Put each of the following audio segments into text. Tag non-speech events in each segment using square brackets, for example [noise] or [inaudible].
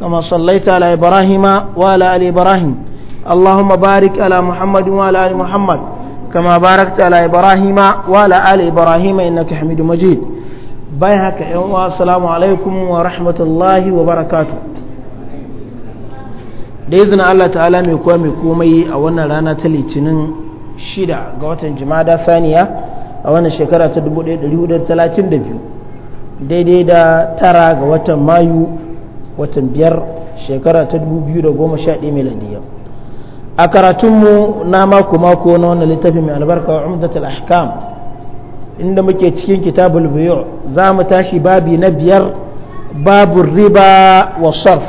كما صليت على إبراهيم وعلى آل إبراهيم اللهم بارك على محمد وعلى آل محمد كما باركت على إبراهيم وعلى آل إبراهيم إنك حميد مجيد بايعك السلام عليكم ورحمة الله وبركاته da izinin Allah ta'ala mai kowa mai komai a wannan rana ta litinin shida ga watan jimada saniya a wannan shekara ta 1432 daidai da tara ga watan mayu watan biyar shekara ta 2011 miladiyya a karatunmu na mako-mako na wannan littafi mai albarka wa umdatul ahkam inda muke cikin kitabul biyu za mu tashi babi na biyar babu riba wa sarf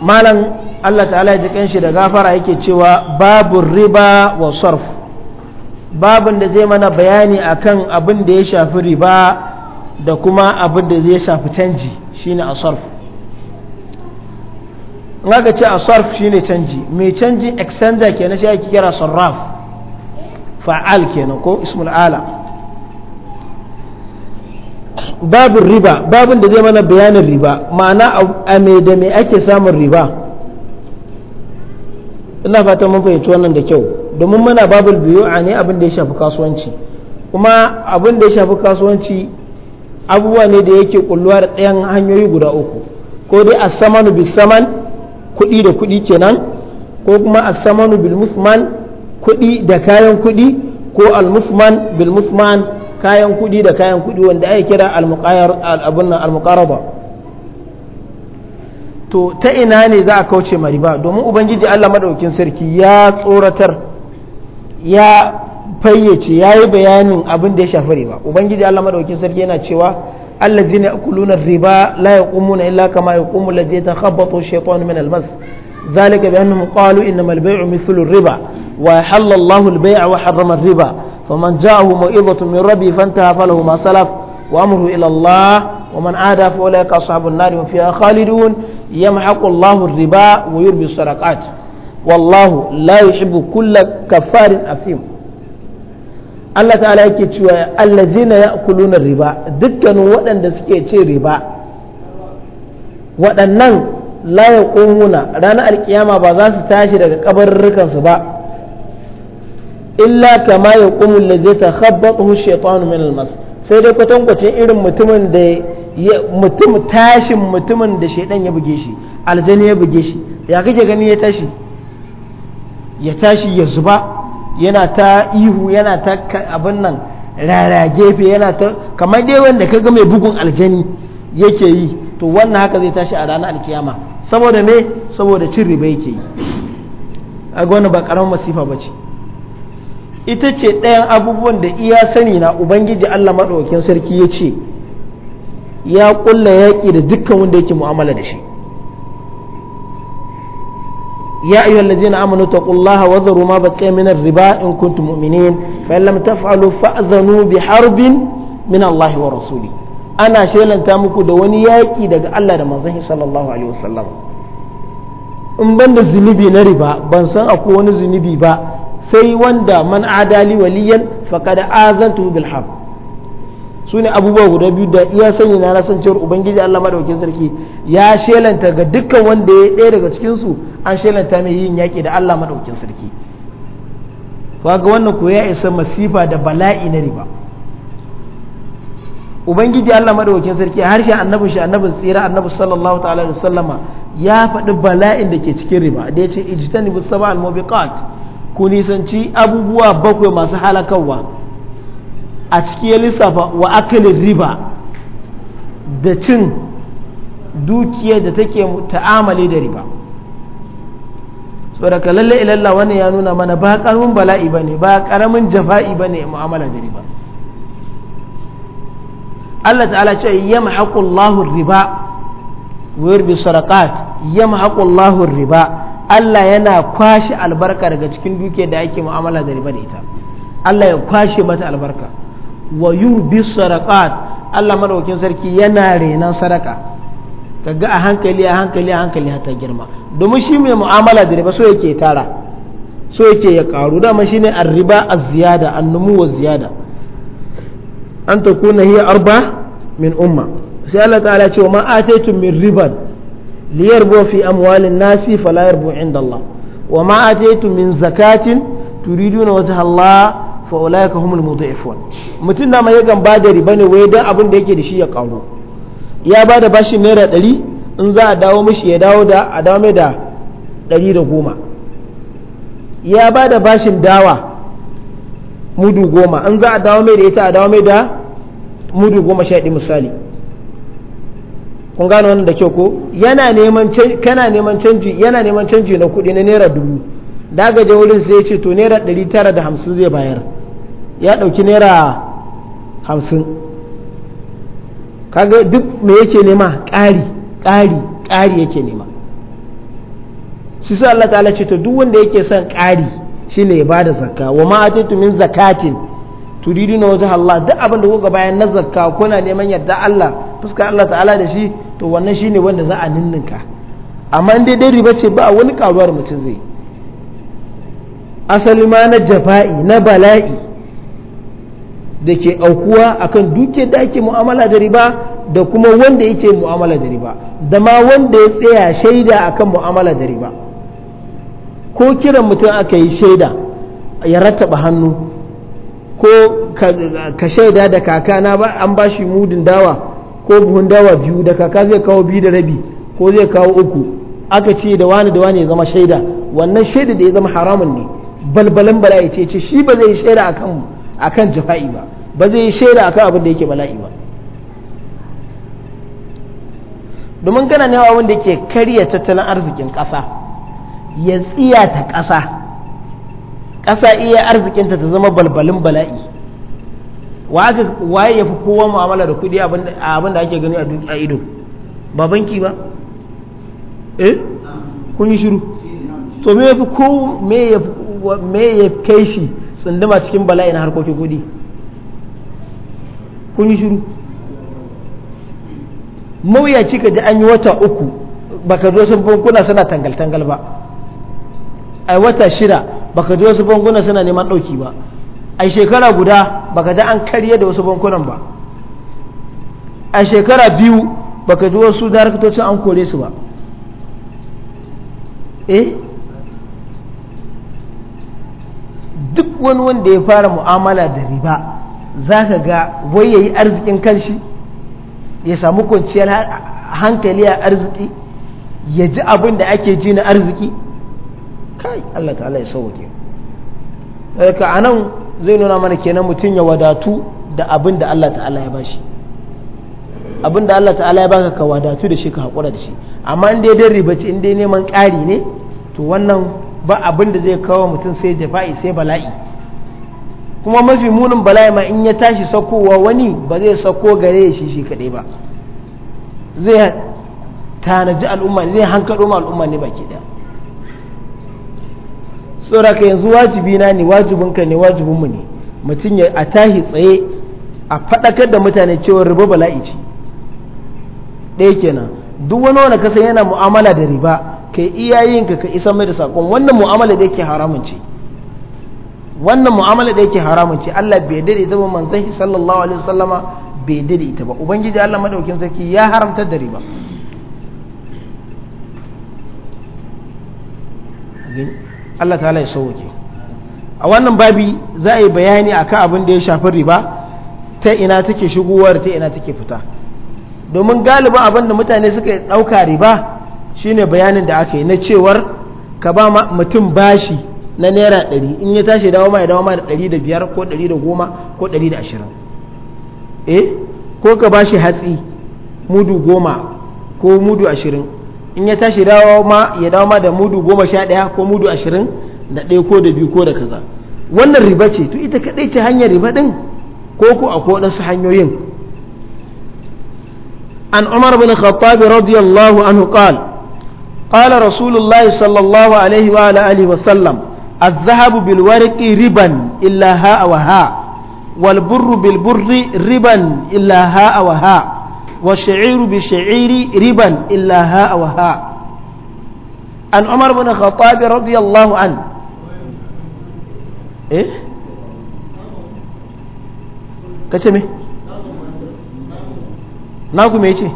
malam Allah ta'ala ya ji shi da gafara yake cewa babu riba wa sarf babin da zai mana bayani akan abin da ya shafi riba da kuma abin da zai shafi canji shine asarf nga aka ce asarf shine canji mai canji exchanger kenan shi ake kira sarraf fa'al kenan ko ismul ala babin riba babin da zai mana bayanin riba ma'ana a mai da me ake samun riba ina fatan mun fahimci wannan da kyau domin muna babul biyu a ne abin da ya shafi kasuwanci kuma abin da ya shafi kasuwanci abubuwa ne da yake kulluwa da ɗayan hanyoyi guda uku ko dai asamanu bil saman kuɗi da kuɗi kenan ko kuma asamanu bil musman kuɗi da kayan kuɗi ko al musman bil musman kayan kuɗi da kayan kuɗi wanda ake kira al muqayyar al muqaraba to ta ina ne za a kauce mariba riba domin ubangiji Allah madaukin sarki ya tsoratar ya fayyace ya yi bayanin abin da ya shafi riba ubangiji allah maɗaukin sarki yana cewa allah zina kuluna riba la ya kumu na illa kama ya kumu la zai ta habbato shaitan min almas zalika bi annahum qalu inna al bay'u mithlu riba wa halalla allah al bay'a wa harrama riba faman ja'ahu mu'idatu min rabbi fantaha falahu ma salaf wa amru ila allah wa man ada fa ulai ka ashabun nar hum fiha khalidun yamhaqu allah al riba wa yurbi sadaqat wallahu la yuhibbu kulla kafarin fim. Allah ta'ala yake cewa allazina ya'kuluna riba dukkanin waɗanda suke ce riba waɗannan la yaqumuna ranar alkiyama ba za su tashi daga kabarrukan su ba illa kama yaqumu allazi takhabbathu shaytanu min almas sai dai kwatan-kwatan irin mutumin da mutum tashin mutumin da shaidan ya buge shi aljani ya buge shi ya kake gani ya tashi ya tashi ya zuba yana ta ihu yana ta abin nan rara gefe yana ta kamar dai wanda kaga mai bugun aljani yake yi to wannan haka zai tashi a ranar alkiyama saboda me saboda cin riba yake yi a wani ba karamin masifa ba ce ita ce ɗayan abubuwan da iya sani na ubangiji allah maɗaukin sarki ya ce ya ƙulla yaƙi da dukkan wanda yake mu'amala da shi يا أيها الذين آمنوا اتقوا الله وذروا ما بقي من الربا إن كنتم مؤمنين فإن لم تفعلوا فأذنوا بحرب من الله ورسوله أنا شيلا تامكو دوني ياكي دقا الله دمزه صلى الله عليه وسلم in ban da zunubi na riba ban san akwai wani zunubi ba sai wanda man adali waliyan faqad azantu bil haqq su ne abubuwa guda biyu da iya sanyi na nasancewar cewar ubangiji Allah maɗaukin sarki ya shelanta ga dukkan wanda ya ɗaya daga cikinsu an shelanta mai yin yaƙi da Allah maɗaukin sarki to ga wannan ko ya isa masifa da bala'i na riba ubangiji Allah maɗaukin sarki a harshen annabin shi annabin tsira annabi sallallahu ta'ala da sallama ya faɗi bala'in da ke cikin riba da ya ce ijtanibu mobi mubiqat ku nisanci abubuwa bakwai masu halakarwa a ciki ya lissafa wa akalin riba da cin dukiyar da take ta'amali da riba saboda lalle ilalla wani ya nuna mana ba karamin bala'i ba ne ba karamin jafa'i ba ne mu'amala da riba Allah ta'ala ce yam haƙullahu riba wayar bi sarakat yam haƙullahu riba Allah yana kwashe albarka daga cikin dukiyar da ake mu'amala da riba da ita Allah ya kwashe mata albarka wa yurbi sadaqat Allah madaukakin sarki yana renan sadaka ga a hankali a hankali a hankali ta girma domin shi mai mu'amala da riba so yake tara so yake ya karu dama shine arriba az-ziyada annumu wa ziyada an takuna hiya arba min umma sai Allah ta'ala ce wa ma ataitu min riban liyarbu fi amwalin nasi fala yarbu inda Allah wa ma ataitu min zakatin turiduna wajha Allah fa ulaika humul mudhifun mutum na mai gamba da riba ne wai dan abin da yake da shi ya karo ya bada bashi naira ɗari in za a dawo mishi ya dawo da a dawo mai da ɗari da goma ya bada bashin dawa mudu goma in za a dawo mai da ita a dawo mai da mudu goma sha ɗi misali kun gano wannan da kyau ko yana neman kana neman canji yana neman canji na kuɗi na naira dubu da aka wurin sai ya ce to naira ɗari tara da hamsin zai bayar ya ɗauki naira hamsin kaga duk me yake nema ƙari ƙari ƙari yake nema su sa Allah ta'ala ce to duk wanda yake son ƙari shine ya bada zakka wa ma atitu min zakatin na wajen Allah duk abin da kuka bayan na zakka kuna neman yadda Allah fuska Allah ta'ala da shi to wannan shine wanda za a ninninka amma in dai dai riba ce ba wani karuwar mutum zai asali ma na jafa'i na bala'i da ke aukuwa akan duke da ake mu'amala da riba da kuma wanda yake mu'amala da riba da ma wanda ya tsaya shaida akan mu'amala da riba ko kiran mutum aka yi shaida ya rattaba hannu ko ka shaida da kaka na ba an ba shi mudin dawa ko buhun dawa biyu da kaka zai kawo biyu da rabi ko zai kawo uku aka ce da wani da wani ya zama shaida wannan shaida da ya zama haramun ne balbalan bala'i ce ce shi ba zai yi shaida akan mu akan jafa'i ba ba zai yi shaida akan abin da yake bala'i ba domin kana ne abin da ke karya tattalin arzikin ƙasa ya tsiya ta ƙasa ƙasa iya arzikinta ta zama balbalin bala'i waye ya fi kowa mu'amala da kuɗi abin da ake gani a ido ba banki ba eh kun yi shiru to me ya fi ko me ya kai shi tsunduma cikin bala'i na harkokin kuɗi kun yi shiru mawuyaci ka ji an yi wata uku baka ji wasu bankuna suna tangal-tangal ba ai wata shida baka ji wasu bankuna suna neman ɗauki ba ai shekara guda baka ji an karye da wasu bankunan ba a shekara biyu baka ji wasu harkatocin an kore su ba eh duk wani wanda ya fara mu'amala da riba za ka ga wai ya yi arzikin kanshi ya samu kwanciyar hankali a arziki ya ji abin da ake ji na arziki kai Allah ta'ala ya sauke daga a nan zai nuna mana kenan mutum ya wadatu da abin da Allah ta'ala ya bashi abin da Allah ta'ala ya baka ka wadatu da shi ka haƙura da shi amma in dai riba ce in dai neman ƙari ne to wannan ba abin da zai kawo mutum sai jafa'i sai bala'i kuma mafi munin bala'i ma in ya tashi sakowa wani ba zai sako gare ya shi shi kaɗai ba zai tanaji al'umma ne zai hankaɗo ma al'umma ne baki ɗaya ka yanzu wajibi na ne wajibinka ne wajibinmu ne mutum ya a tashi tsaye a faɗakar da mutane cewa riba bala'i ce ɗaya kenan duk wani wanda kasa yana mu'amala da riba ka yi ka ka isa mai da sakon wannan mu'amala da yake haramun ce wannan mu'amala da yake haramun ce Allah bai dade ita ba shi sallallahu alaihi wasallama bai dade ita ba ubangiji Allah madaukin sarki ya haramta da riba Allah ta'ala ya sauke a wannan babi za a yi bayani akan abin da ya shafi riba ta ina take shigowar ta ina take fita domin galibin abin da mutane suka ɗauka riba shine bayanin da aka yi na cewar ka ba mutum bashi na naira ɗari in ya tashi dawo ma ya dawo ma da ɗari da biyar ko ɗari da goma ko ɗari da ashirin eh ko ka bashi hatsi mudu goma ko mudu ashirin in ya tashi dawo ma ya dawo ma da mudu goma sha ɗaya ko mudu ashirin da ɗaya ko da biyu ko da kaza wannan riba ce to ita kaɗai ce hanyar riba ɗin ko ko akwai waɗansu hanyoyin an umar bin khattab radiyallahu anhu qala قال رسول الله صلى الله عليه وعلى آله وسلم الذهب بالورق ربا إلا هاء وهاء والبر بالبر ربا إلا هاء وهاء والشعير بالشعير ربا إلا هاء وهاء عن عمر بن الخطاب رضي الله عنه إيه كتمي ناقو ميتي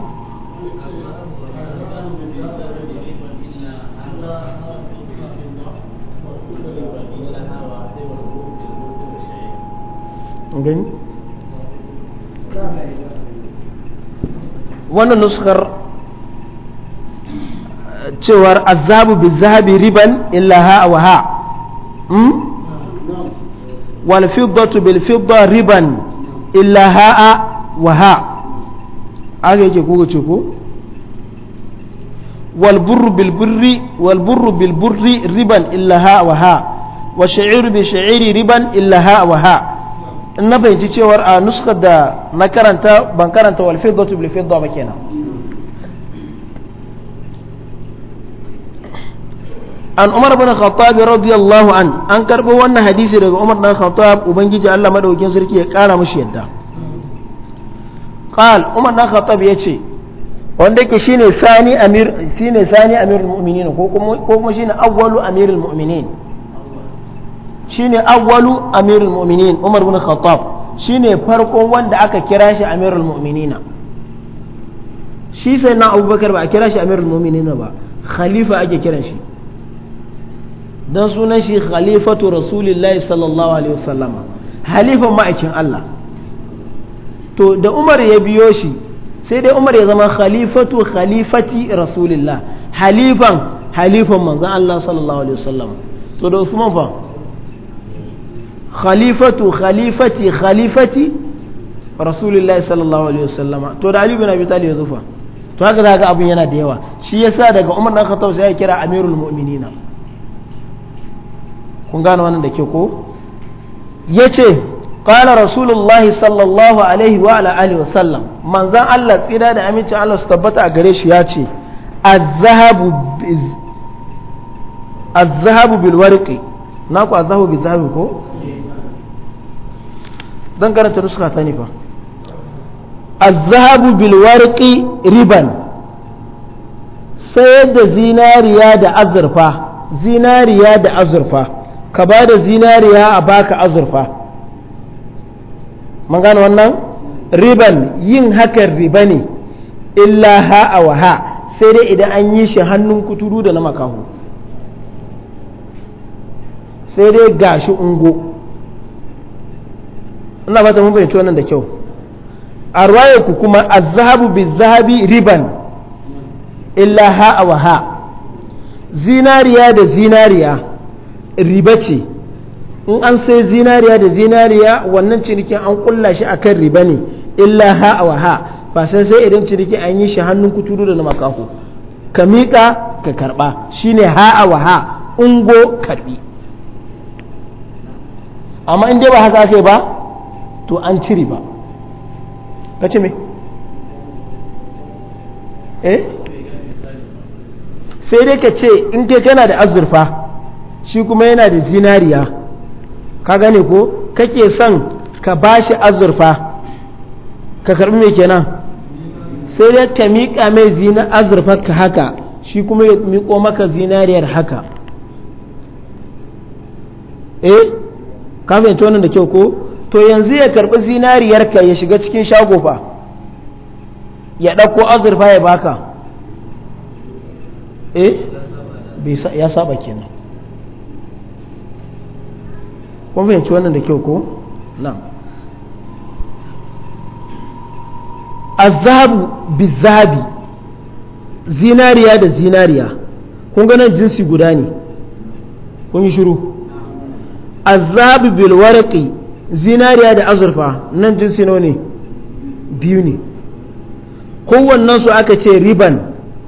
gani wannan nuskar cewar azabu bi zahabi riban illa ha wa ha hmm? wal fiddatu bil fidda riban illa ha wa ha aka yake kuka ce ko wal burru bil burri wal burru bil burri riban illa ha wa ha wa sha'iru bi sha'iri riban illa ha wa ha in na fahimci cewar a nuskar da na karanta ban karanta walfiddatu bilfidda ba kenan an umar bin khattab radiyallahu an an karbo wannan hadisi daga umar dan khattab ubangiji Allah madaukin sarki ya kara mushi yadda qal umar dan khattab yace wanda yake shine sani amir shine sani amirul mu'minin ko kuma ko kuma shine awwalu amirul mu'minin shine awwalu amirul mu'minin Umar bin Khattab shine farkon wanda aka kira shi amirul mu'minina shi sai na Abubakar ba a kira shi amirul mu'minina ba khalifa ake kiran shi dan sunan shi khalifatu rasulillahi sallallahu alaihi wasallam halifan ma'aikin Allah to da Umar ya biyo shi sai dai Umar ya zama khalifatu khalifati rasulillah halifan halifan manzon Allah sallallahu alaihi wasallam to da Usman fa khalifatu khalifati khalifati رسول الله alaihi الله to da تو علي بن ابي طالب يذوفا to haka za ga abin yana شي yawa shi yasa daga umar سي كيرا sai ya kira amirul kun wannan da ke ko yace qala rasulullah sallallahu alaihi wa ala alihi wasallam manzon Allah tsira da amince Allah su tabbata a gare shi ya ce az-zahabu bil warqi zahabu bil ko dan karanta nuska ta ne fa az-zahabu bil warqi riban sayar da zinariya da azurfa zinariya da azurfa ka ba da zinariya a baka azurfa mun gane wannan riban yin hakan riba ne illa ha wa ha sai dai idan an yi shi hannun kuturu da na makahu sai dai gashi ungo ba ta mun fahimci wannan da kyau a ruwayarku kuma azhabu bi zahabi riban illa ha wa ha zinariya da zinariya riba ce in an sai zinariya da zinariya wannan cinikin an kulla shi akan riba ne illa ha wa ha ba sai sai idan ciniki an yi shi hannun kuturu da na makaho ka miƙa ka karɓa shine ha wa ha ungo karɓi amma in dai ba haka ake ba to an ciri ba, ka ce me eh sai dai ka ce in ke kana da azurfa shi kuma yana da zinariya ka gane ko kake son ka ba shi azurfa ka karbi mai kenan sai dai ka miƙa mai zina azurfa ka haka shi kuma ya miƙo maka zinariyar haka eh kafin fahimci wannan da kyau ko to yanzu ya karɓi zinariyarka ya shiga cikin shagofa ya ɗauko azurfa ya baka eh ya saba kenan kun fahimci wannan da kyau ko na azabu bizabi zinariya da zinariya kun ganin jinsi guda ne kun yi shiru azabu bilwarki zinariya da azurfa nan jinsi ne biyu ne kowannen su aka ce riban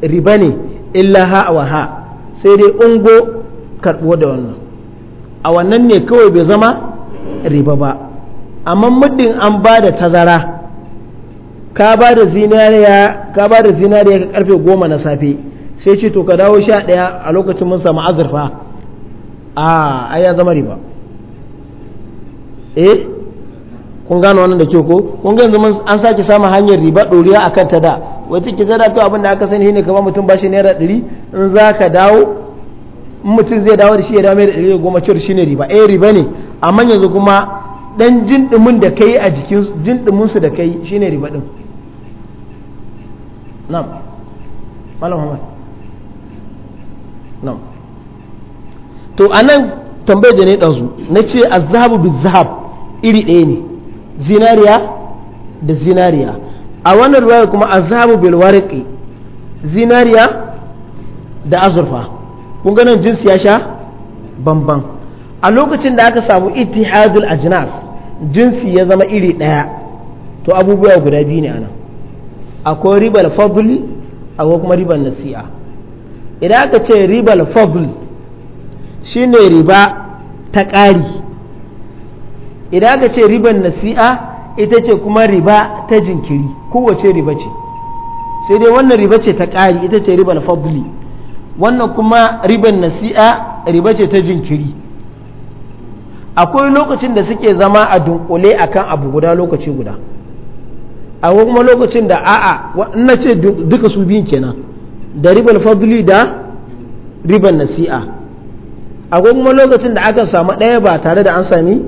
riba ne illa ha wa ha sai dai ungo karɓo da wannan a wannan ne kawai bai zama riba ba amma muddin an ba da tazara ka ba da zinariya ka ba da zinariya ka karfe goma na safe sai ce to ka dawo sha ɗaya a lokacin mun samu azurfa a ai zama riba eh kun gano wannan da ke ko kun ga yanzu an sake samun hanyar riba ɗoriya a kan ta da wata ke zara to abin da aka sani shine kamar mutum bashi naira ɗari in za ka dawo in mutum zai dawo da shi ya dawo da ɗari goma cewar shine riba eh riba ne amma yanzu kuma dan jin dumin da kai a jikin jin dumin su da kai shine riba din. na'am malam muhammad na'am to anan tambayar da ne ɗansu na ce azhabu zahab. iri ɗaya ne zinariya da zinariya a wannan ruwaya kuma a zahabu bilwariki zinariya da azurfa kun ganin jinsi ya sha bamban a lokacin da aka samu a jina's jinsi ya zama iri ɗaya to abubuwa guda biyu ne anan akwai ribal fadl akwai kuma ribal nasi'a idan aka ce ribal fadl shine riba ta ƙari idan aka ce riban nasi'a ita ce kuma riba ta jinkiri kowace riba ce sai dai wannan riba ce ta ƙari ita ce riba fadli wannan kuma riban nasi'a riba ce ta jinkiri akwai lokacin da suke zama a dunkule akan abu guda lokaci guda akwai kuma lokacin da a'a na ce duka su biyun kenan da riban fadli da riban nasi'a akwai kuma lokacin da aka samu ɗaya ba tare da an sami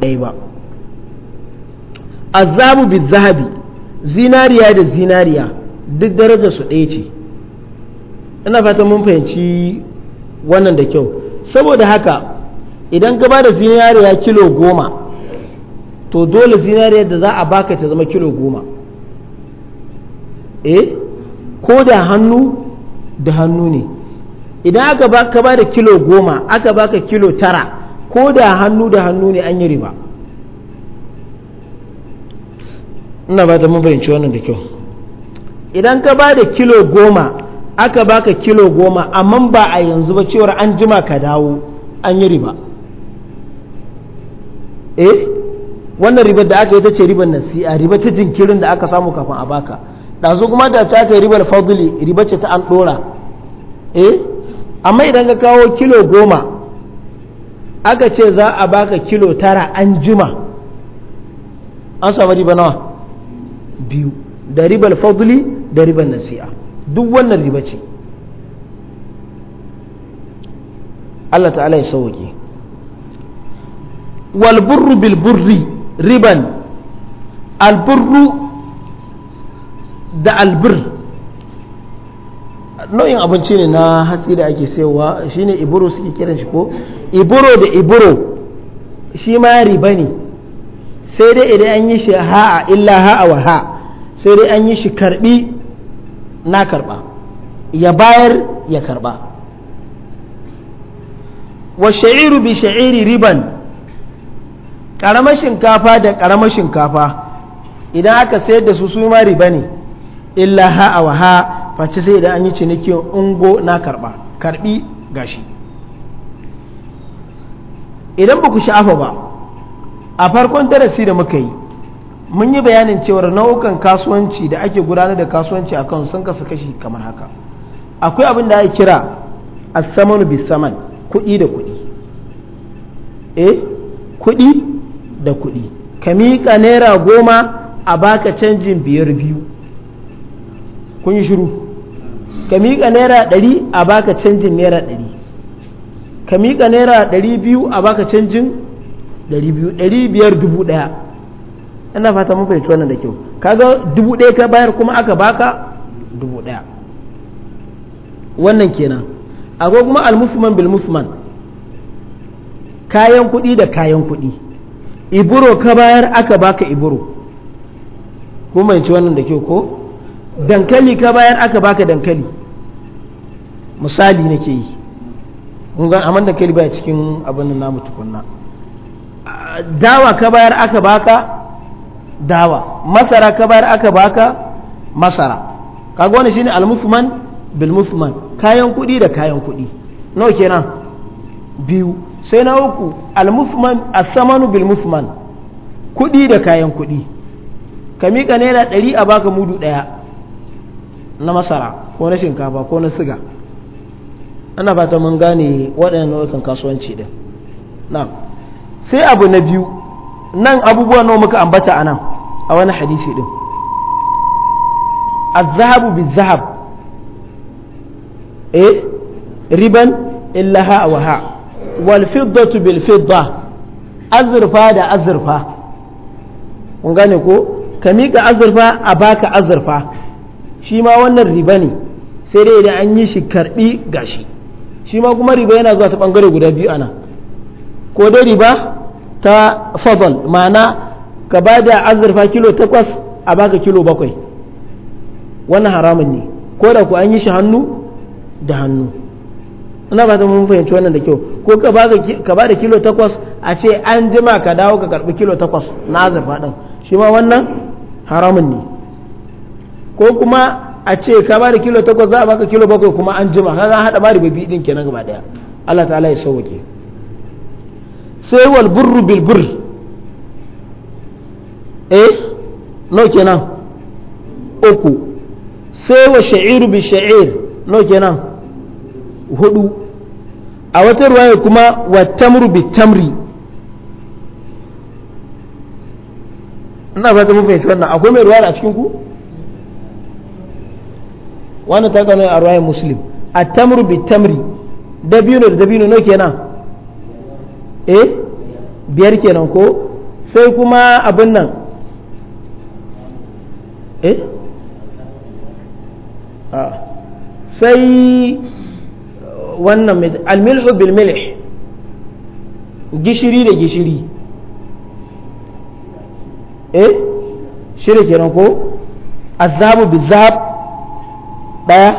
ɗaya ba azabu bi zahabi zinariya da zinariya duk darajar su ɗaya ce ina fata mun fahimci wannan da kyau saboda haka idan ka bada da zinariya kilo goma to dole zinariya da za a baka ta zama kilo goma eh ko da hannu da hannu ne idan aka ba da kilo goma aka baka kilo tara ko da hannu da hannu ne an yi riba ina ba ta mabarinci wannan da kyau idan ka ba da kilo goma aka baka kilo goma amma ba a yanzu ba cewar an jima ka dawo an yi riba eh wannan ribar da aka yi ta ce ribar nasi'a riba ta jinkirin da aka samu kafin a baka ɗazu kuma da ta kai ribar fadli riba ce ta an ɗora eh amma idan ka kawo kilo goma aka ce za a baka kilo tara an jima an samu riba nawa biyu da ribar fadli da ribar nasi'a duk wannan riba ce Allah ta'ala ya sauwake walburru bilburri riban alburru da albur. nau'in abinci ne na hatsi da ake sayowa shine iburo suke kiran shi ko iburo da iburo shi ma riba ne sai dai idan an yi shi ha'a illa ha'a wa ha sai dai an yi shi karbi na karba ya bayar ya karba wa sha'iru bi sha'iri riban karamar shinkafa da karamar shinkafa idan aka sayar da su su ma riba ne illa ha'a wa ha face sai idan an yi cinikin ungo na karba karbi gashi idan ba ku sha'afa ba a farkon darasi da muka yi mun yi bayanin cewar nau'ukan kasuwanci da ake gudanar da kasuwanci a kan sun kasu kashi kamar haka akwai abin da ake kira asamanu bisaman kuɗi da kuɗi eh kuɗi da kuɗi ka miƙa naira goma a baka canjin biyar biyu kun yi shiru ka miƙa naira ɗari a baka canjin naira ɗari ka miƙa naira ɗari biyu a baka canjin ɗari biyu ɗari biyar dubu ɗaya ina fata mun fahimci wannan da kyau kaga dubu ɗaya ka bayar kuma aka baka dubu ɗaya wannan kenan akwai kuma almufman bil kayan kuɗi da kayan kuɗi iburo ka bayar aka baka iburo kuma fahimci wannan da kyau ko dankali ka bayar aka baka dankali misali nake yi ga amma dankali baya cikin abin na namu tukunna dawa ka bayar aka baka dawa masara ka bayar aka baka masara kaga wani shine almufman bilmufman kayan kudi da kayan kudi. nawa kenan biyu sai na uku almufman mufman as-samanu da kayan kudi. ka miƙa naira ɗari a baka mudu ɗaya na masara ko na shinkafa ko na siga ana fata mun gane waɗannan nau'ikan kasuwanci ɗin na sai abu na biyu nan abubuwa nawa muka ambata a nan a wani hadisi din الذهب بالذهب إيه ربا إلا ها وها bil fidda azurfa da azurfa kun gane ko ka miƙa azurfa a baka azurfa shi ma wannan riba ne sai dai idan an yi shi karbi gashi shi ma kuma riba yana zuwa ta bangare guda biyu ana ko dai riba ta fadal ma'ana ka ba da azurfa kilo takwas a baka kilo bakwai wannan haramun ne ko da ku an yi shi hannu da hannu ina ba ta mun fahimci wannan da kyau ko ka ba da kilo takwas a ce an jima ka dawo ka karbi kilo takwas na azurfa din shi ma wannan haramun ne ko kuma a ce ka ba da kilo takwas za a baka kilo bakwai kuma an jima ka an haɗa bari babi ɗin kenan gaba ɗaya Allah ta'ala ya sauwake sai wal burru bil bur eh no kenan uku sai wa sha'iru bi sha'ir no kenan hudu a wata ruwaya kuma wa tamru bi tamri ina ta mu fahimci wannan akwai mai ruwaya a cikin ku wannan ta kano a ruwayan muslim a tamru bi tamri dabino da dabino no kenan eh biyar kenan ko sai kuma abin nan eh ah. sai wannan almilhu bil milh gishiri da gishiri eh shirya kenan ko azabu bi zab ɗaya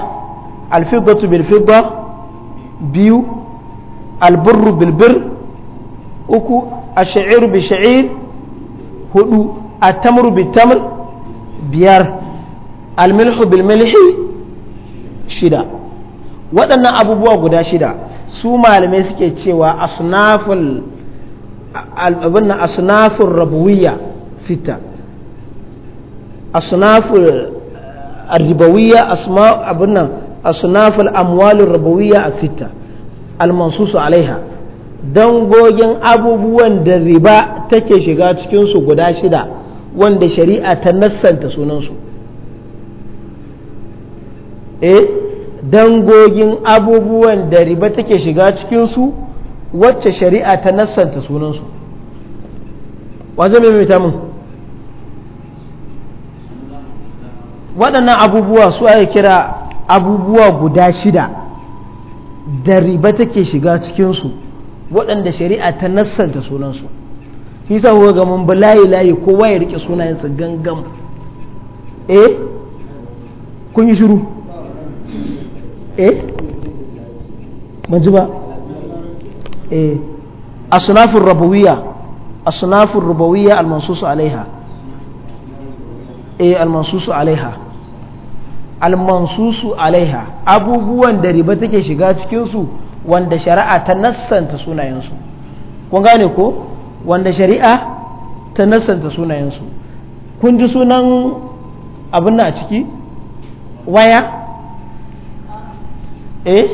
alfiddatu bil fidda biyu alburru bilbir bir uku asha'iru bi sha'ir hudu atamru bi tamr biyar almilhu bil milhi shida waɗannan abubuwa guda shida su malamai suke cewa asnaful abinna asnaful rabuwiya sita asnaful الربوية أسماء أبنا أصناف الأموال الربوية الستة المنصوص عليها dangogin abubuwan da riba take shiga cikinsu guda shida wanda shari'a ta nassanta sunansu eh dangogin abubuwan da riba take shiga cikinsu wacce shari'a ta nassanta sunansu wanzu mai mai mun waɗannan abubuwa su ake kira abubuwa guda shida da riba take shiga cikinsu waɗanda shari'a ta nassanta sunansu shi sa kuka ga mun layi layi kowa ya rike sunayensa gangan? eh kun yi shiru eh ban ji ba eh asnafur rabawiyya asnafur rabawiyya almansusu alaiha eh almansusu alaiha almansusu alaiha abubuwan da riba take shiga cikinsu wanda shari'a ta nassanta sunayensu kun gane ko wanda shari'a ta nassanta sunayensu kun ji sunan abin na a ciki waya eh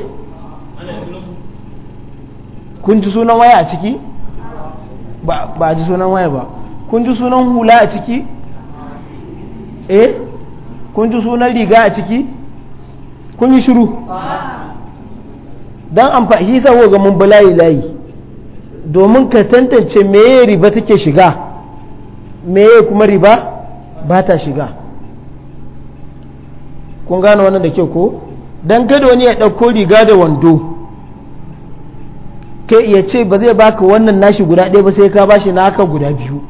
kun ji sunan waya a ciki ba a ji sunan waya ba kun ji sunan hula a ciki eh kun ji sunan riga a ciki kun yi shiru don amfani hisa ko ga mun balayi layi domin ka tantance meye riba take shiga meye kuma riba ba ta shiga kun gane wannan da kyau ko don gado wani ya ɗauko riga da wando kai iya ce ba zai baka wannan nashi guda ɗaya ba sai ka bashi naka guda biyu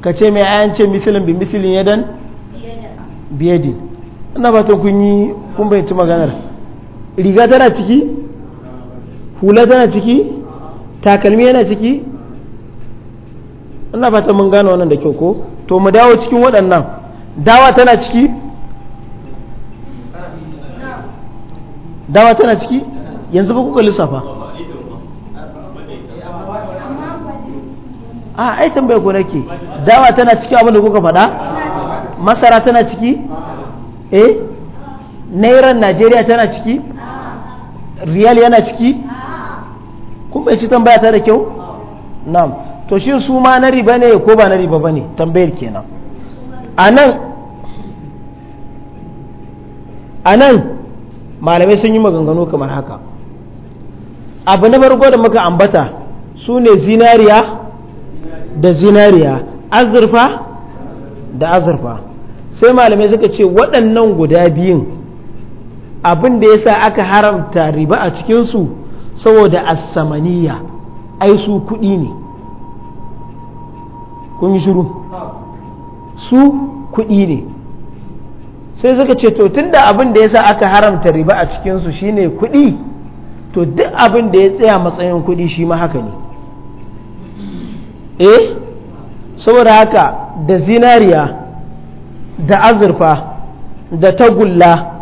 ka ce mai ayance ce misilin bi misilin dan. biyadi ina ba ta kun yi maganar riga tana ciki hula tana ciki takalmi yana ciki ina ba ta mun gano wannan da kyau ko to mu dawo cikin waɗannan dawa tana ciki dawa tana ciki yanzu ba kuka lissafa a aitan bai ko nake dawa tana ciki abin da kuka faɗa masara tana ciki eh nairan najeriya tana ciki riyal yana ciki kuma ci tambaya ta da kyau na'am to shi su ma na riba ne ko ba na riba ba ne tambayar kenan a nan malamai sun yi maganganu kamar haka abu na farko da muka ambata su ne zinariya da zinariya azurfa da azurfa sai malamai suka ce waɗannan guda biyun abin da ya sa aka haramta riba a cikinsu saboda asamaniya ai su kuɗi ne kun yi shiru su kuɗi ne sai suka ce to tunda abin da ya sa aka haramta riba a cikinsu shine kuɗi to duk abin da ya tsaya matsayin kuɗi shi ma haka ne eh saboda haka da zinariya da azurfa da tagulla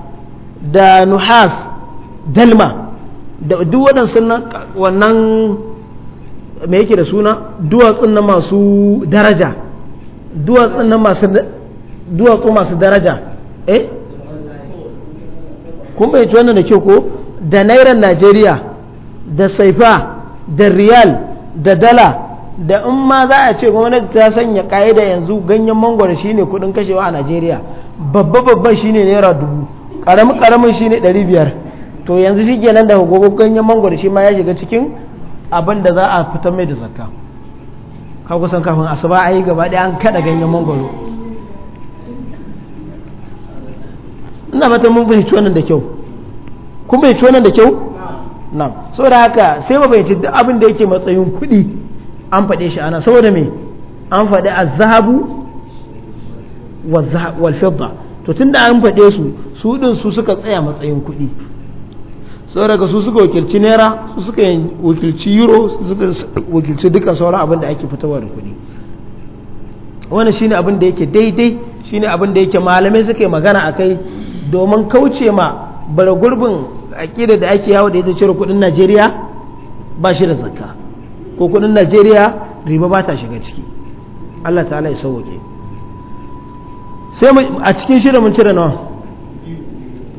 da nuhas dalma da duk waɗansu wannan me yake da suna duwatsun na masu daraja duwatsun na masu duwatsu masu daraja eh kun bayyace wannan da ke ko da nairan najeriya da saifa da riyal da dala da in ma za a ce gwamnati ta sanya ka'ida yanzu ganyen mangwaro shine kudin kashewa a Najeriya babba babban shine naira dubu karami karamin shine ɗari biyar to yanzu shi kenan da gogo ganyen mangwaro shi ma ya shiga cikin abin da za a fita mai da zakka ka kusan kafin asuba a yi gaba ɗaya an kada ganyen mangwaro ina fata mun fahimci wannan da kyau kun fahimci wannan da kyau na saboda haka sai mu fahimci duk abin da yake matsayin kuɗi an faɗe shi ana saboda me an faɗi azhabu wal fidda to tunda an faɗe su su din su suka tsaya matsayin kuɗi saboda su suka wakilci naira su suka wakilci euro su suka wakilci duka sauran abin da ake fitowa da kuɗi wani shine abin da yake daidai shine abin da yake malamai suka yi magana a kai domin kauce ma bara gurbin aƙida da ake yawo da ita cire kuɗin najeriya ba shi da zakka ko kudin najeriya riba ba ta shiga ciki allah ta'ala ya sauwake sai a cikin shida mun cire nawa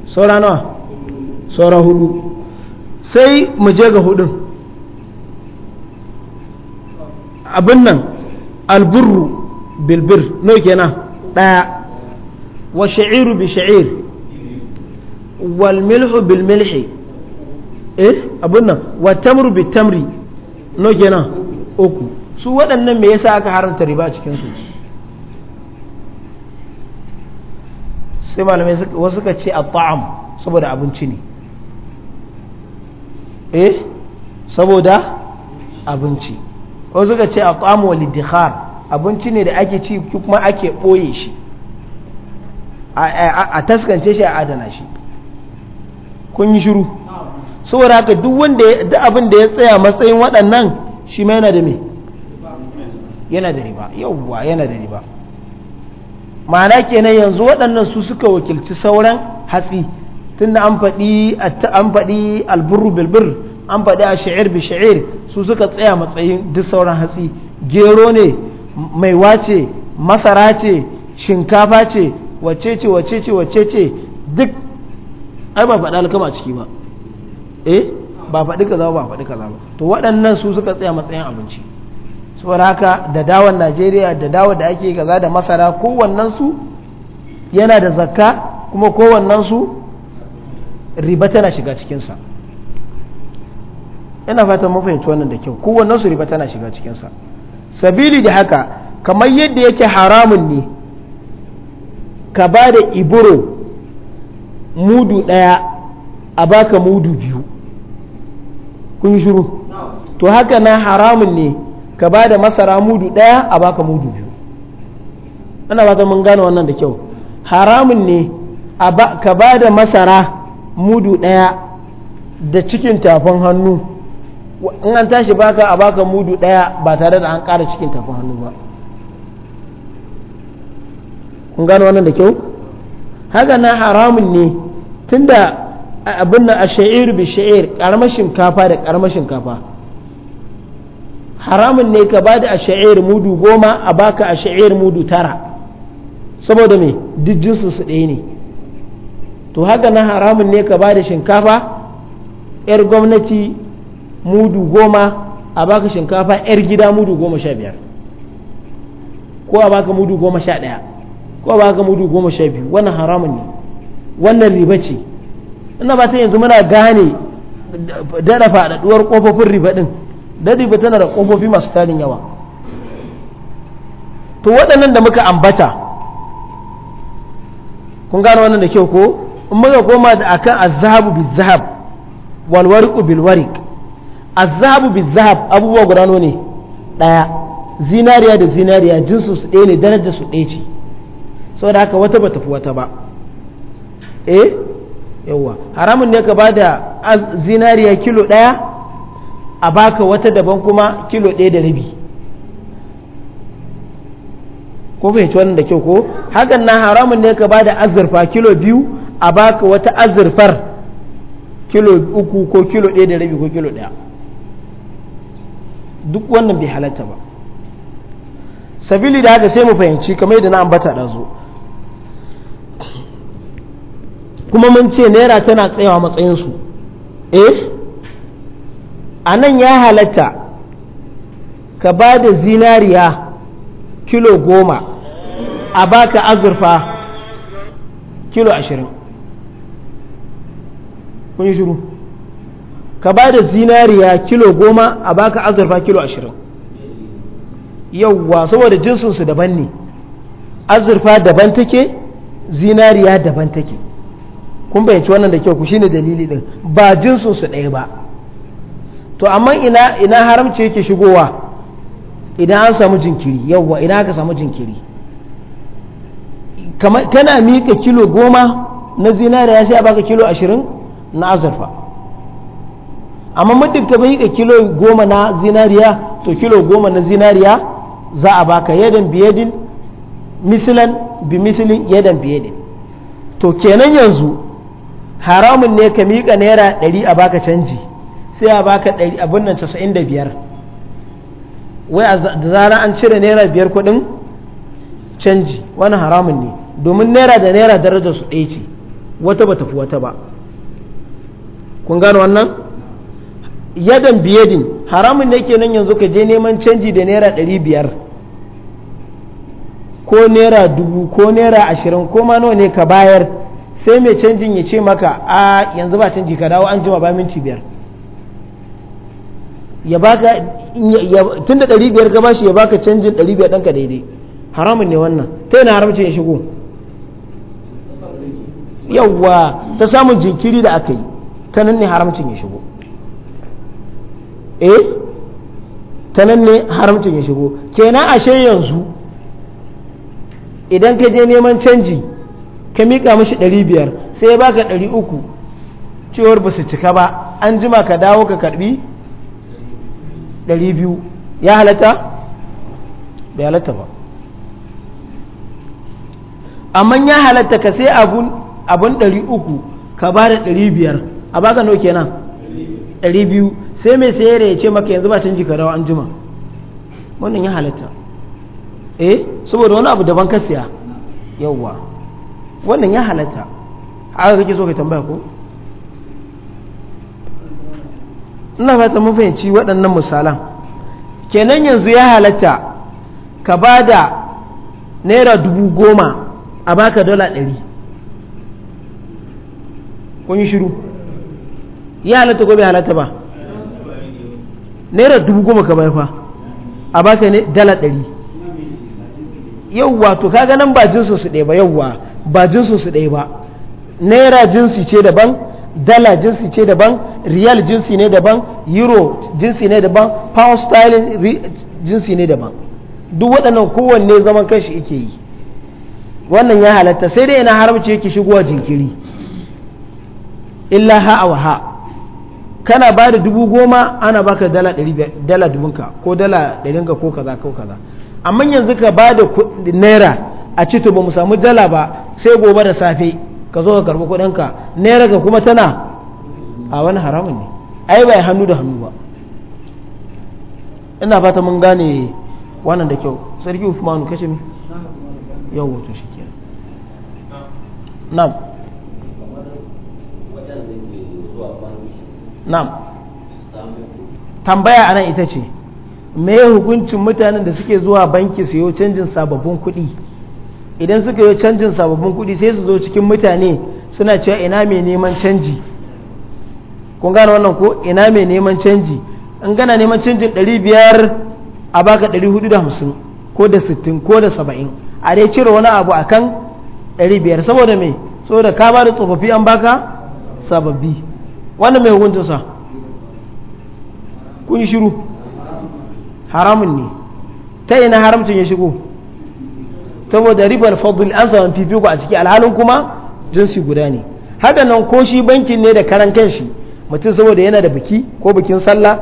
saura nawa saura hudu sai mu je ga hudun abin nan alburu bilbir nau kenan daya wa sha'iru bi sha'ir wal milhu bil milhi eh abin nan wa tamru bi tamri no kenan uku su waɗannan me yasa aka haramta riba cikinsu cikin su sai malamai wasu suka ce a ta'am saboda abinci ne eh saboda abinci wasu suka ce a ta'am wali idikhar abinci ne da ake ci kuma ake ɓoye shi a taskance shi a adana shi kun yi shiru saboda haka duk wanda duk abin da ya tsaya matsayin waɗannan shi ma yana da me yana da riba yauwa yana da riba ma'ana kenan yanzu waɗannan su suka wakilci sauran hatsi tunda an faɗi an faɗi alburu bilbir an faɗi a sha'ir bi sha'ir su suka tsaya matsayin duk sauran hatsi gero ne mai wace masara ce shinkafa ce wacece wacece wacece duk ai ba faɗa alkama ciki ba eh ba faɗi kaza ba faɗi kaza ba to waɗannan su suka tsaya matsayin abinci saboda haka da dawon Najeriya da dawa da ake kaza da masara kowannen su yana da zakka kuma kowannen su riba tana shiga cikin sa ina fatan mun fahimci wannan da kyau kowannen su riba tana shiga cikin sabili da haka kamar yadda yake haramun ne ka ba da iburo mudu ɗaya a baka mudu biyu kun yi shiru to haka na haramun ne ka ba da masara mudu ɗaya a baka mudu biyu ana ba mun gane wannan da kyau haramun ne ka ba da masara mudu ɗaya da cikin tafin hannu in an tashi baka a baka mudu ɗaya ba tare da an ƙara cikin tafin hannu ba kun gane wannan da kyau haka na haramun ne tunda abin nan a sha'ir bi sha'ir karamar shinkafa da karamar shinkafa haramun ne ka bada a sha'ir mudu goma a baka a sha'ir mudu tara saboda me duk jinsu su ɗaya ne to haka na haramun ne ka bada shinkafa yar gwamnati mudu goma a baka shinkafa yar gida mudu goma sha biyar ko a baka mudu goma sha ɗaya ko a baka mudu goma sha biyu wannan haramun ne wannan riba ce ina ba ta yanzu muna gane daɗa faɗaɗuwar ƙofofin riba ɗin da tana da ƙofofi masu tarin yawa to waɗannan da muka ambata kun gano wannan da kyau ko in muka koma da akan azhabu bi zahab wal wariqu bil wariq azhabu bi zahab abubuwa guda ne ɗaya zinariya da zinariya jinsu su ɗaya ne darajar su ɗaya ce saboda haka wata ba tafi wata ba eh yawa haramun ne ka ba da zinariya kilo ɗaya a baka wata daban kuma kilo ɗaya da rabi ko fahimci wannan da kyau ko hakan na haramun ne ka ba da azurfa kilo biyu a baka wata azurfar kilo uku ko kilo ɗaya da rabi ko kilo ɗaya duk wannan bai halatta ba sabili da haka sai mu fahimci kamar yadda na ambata ɗazu kuma mun ce naira tana tsayawa matsayinsu eh a nan ya halatta ka ba da zinariya kilo goma a baka azurfa kilo ashirin kun yi shuru ka ba da zinariya kilo goma a baka azurfa kilo ashirin yauwa saboda jinsinsu daban ne azurfa daban take zinariya daban take kun bayanci wannan da kyau ku shine dalili din ba jinsu su ɗaya ba to amma ina ina haramci yake shigowa idan an samu jinkiri yawwa ina aka samu jinkiri kana miƙa kilo goma na zinariya sai a baka kilo ashirin na azurfa amma muddin ka miƙa kilo goma na zinariya to kilo goma na zinariya za a baka yadan biyadin misilan bi misilin yadan biyadin to kenan yanzu haramun ne ka miƙa naira ɗari a baka canji sai a baka ɗari abin nan casa'in da biyar wai da zara an cire naira biyar kuɗin canji wani haramun ne domin naira da naira darajar su ɗaya ce wata ba tafi wata ba kun gano wannan yadan biyadin haramun ne kenan yanzu ka je neman canji da naira ɗari biyar ko naira dubu ko naira ashirin ko ma nawa ne ka bayar sai mai canjin ya ce maka a yanzu ba canji ka dawo an jima ba minti biyar ya baka tun da ɗari biyar ka bashi ya baka canjin ɗari biyar ɗanka daidai haramun ne wannan ta yana haramci ya shigo yawwa ta samun jinkiri da aka yi ta nan ne haramcin ya shigo eh ta nan ne haramcin ya shigo kenan ashe yanzu idan ka je neman canji ka miƙa mashi ɗari biyar sai ya baka ɗari uku cewar ba su cika ba an jima ka dawo ka karbi ɗari biyu ya halatta bai halatta ba amma ya halatta ka sai abun ɗari uku ka ba da ɗari biyar a baka nau kenan ɗari biyu sai mai sayar ya ce maka yanzu ba canji ka dawo an jima wannan ya halatta eh saboda wani abu daban ka siya yawwa wannan ya halatta aka kake so ka tambaya ko ina fata mun fahimci waɗannan misalan kenan yanzu ya halatta ka ba da naira dubu goma a baka dala ɗari kun yi shiru ya halatta ko bai halatta ba naira dubu goma ka bai fa a baka dala ɗari yauwa to kaga nan ba jinsu su ɗaya ba yauwa ba jinsu su ɗaya ba naira jinsi ce daban dala jinsi ce daban riyal jinsi ne daban euro jinsi ne daban pound sterling jinsi ne daban duk waɗannan kowanne zaman kanshi ike yi wannan ya halatta sai dai ina haramci yake shigowa jinkiri illa ha wa ha kana ba da dubu goma ana baka dala dala dubunka ko dala ɗarinka ko kaza ko kaza amma yanzu ka ba da naira a ci to ba mu samu dala ba sai gobe da safe ka zo ka karbi kudinka naira ga kuma tana a wani haramun ne ai bai hannu da hannu ba ina fata mun gane wannan da kyau sarki Uthman kace mi yau wato shi ke na'am na'am tambaya anan ita ce me hukuncin mutanen da suke zuwa banki su yi canjin sababbin kuɗi idan suka yi canjin sababbin kuɗi sai su zo cikin mutane suna cewa ina mai neman canji kun gane wannan ko ina mai neman canji in gana neman canjin 500 a baka 450 ko da 60 ko da 70 a dai cire wani abu akan 500 saboda me saboda ka ba da tsofaffi an baka sababbi wannan mai hukuntunsa kun shiru haramun ne ta ina haramcin ya shigo saboda ribar fadl an samu fifiko a ciki alhalin kuma jinsi guda ne haka ko shi bankin ne da karan kanshi mutum saboda yana da biki ko bikin sallah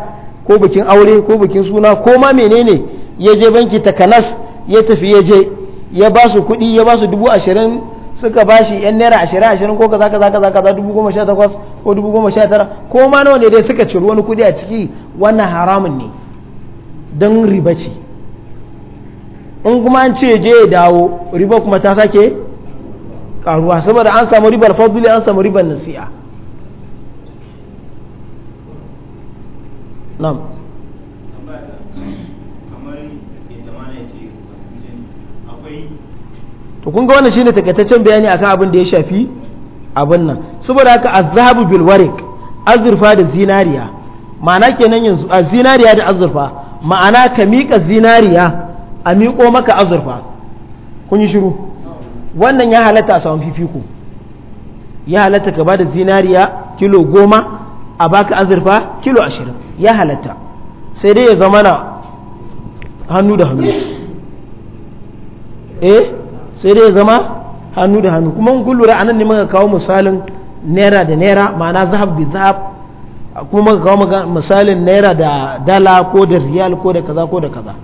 ko bikin aure ko bikin suna ko ma menene ya je banki takanas ya tafi ya je ya ba su kuɗi ya ba su dubu ashirin suka ba shi yan naira ashirin ashirin ko kaza kaza kaza kaza dubu goma sha takwas ko dubu goma sha tara ko ma nawa ne dai suka ciri wani kuɗi a ciki wannan haramun ne don riba ce in kuma an ce je ya dawo riba kuma ta sake karuwa saboda an samu ribar fadli an samu ribar nasiya. nam to kun ga wannan shine takaitaccen bayani akan abin da ya shafi abin nan saboda haka azhabu bil warik azurfa da zinariya ma'ana kenan yanzu a zinariya da azurfa ma'ana ka miƙa zinariya a miƙo maka azurfa kun yi shiru wannan ya halatta a samun fifiko ya halatta ka ba da zinariya kilo goma a baka azurfa kilo ashirin ya halatta sai dai ya zama na hannu da hannu eh sai dai ya zama hannu da hannu kuma kun lura anan ne maka kawo misalin naira da naira ma'ana zahab bi zahab kuma maka kawo misalin naira da dala ko da riyal ko da kaza ko da kaza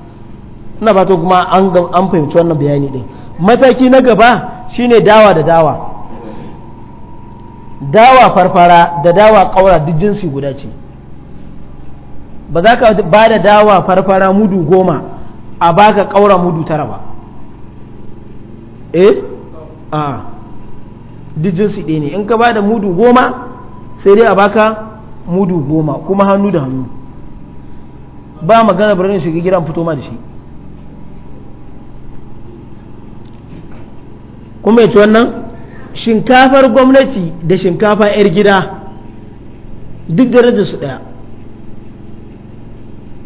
ina ba kuma an fahimci wannan bayani din mataki na gaba shine dawa da dawa dawa farfara da dawa ƙaura duk jinsi guda ce ba za ka ba da dawa farfara mudu goma a baka ƙaura mudu tara ba eh a duk jinsi ɗaya ne in ka ba da mudu goma sai dai a baka mudu goma kuma hannu da hannu ba magana birnin shiga gidan fito ma da shi kuma yace wannan shinkafar gwamnati da shinkafa 'yar gida duk darajar su daya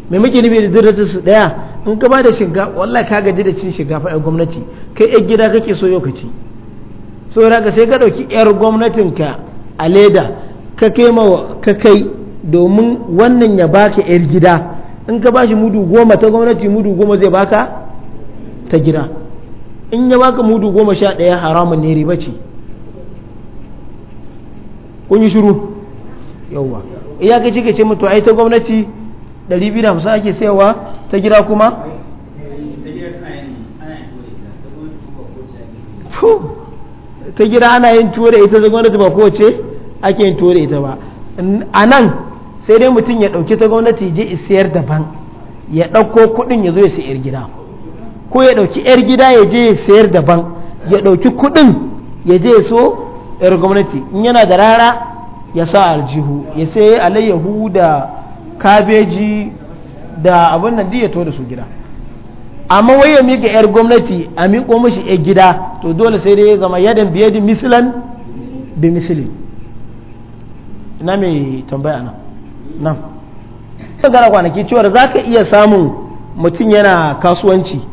mai muke nufi da darajar su daya in ka ba da shinkafa wallahi ka gaji da cin shinkafa 'yar gwamnati kai 'yar gida kake so yau ka ci saboda ka sai ka ɗauki 'yar gwamnatinka a leda ka kai ka kai domin wannan ya baka 'yar gida in ka bashi mudu goma ta gwamnati mudu goma zai baka ta gida in ya baka mudu goma sha ɗaya haramun ne riba ce kun yi shiru yauwa iya ka cike ce mutu ai ta gwamnati hamsin ake sayawa ta gida kuma ta gida ana yin tuwo da ita ta gwamnati ba kowace ake yin tuwo da ita ba a nan sai dai mutum ya ɗauki ta gwamnati je isiyar daban ya ɗauko kuɗin ya zo ya sayar gida ko ya ɗauki 'yar gida ya je ya sayar daban ya ɗauki kuɗin ya je ya so 'yar gwamnati in yana da rara ya sa aljihu ya sai alayyahu da kabeji da abin nan ya to da su gida amma wai ya miƙa 'yar gwamnati a miƙo mashi 'yar gida to dole sai dai ya zama yadan biyadi misilan bi misili ina mai tambaya nan nan gara kwanaki cewar za ka iya samun mutum yana kasuwanci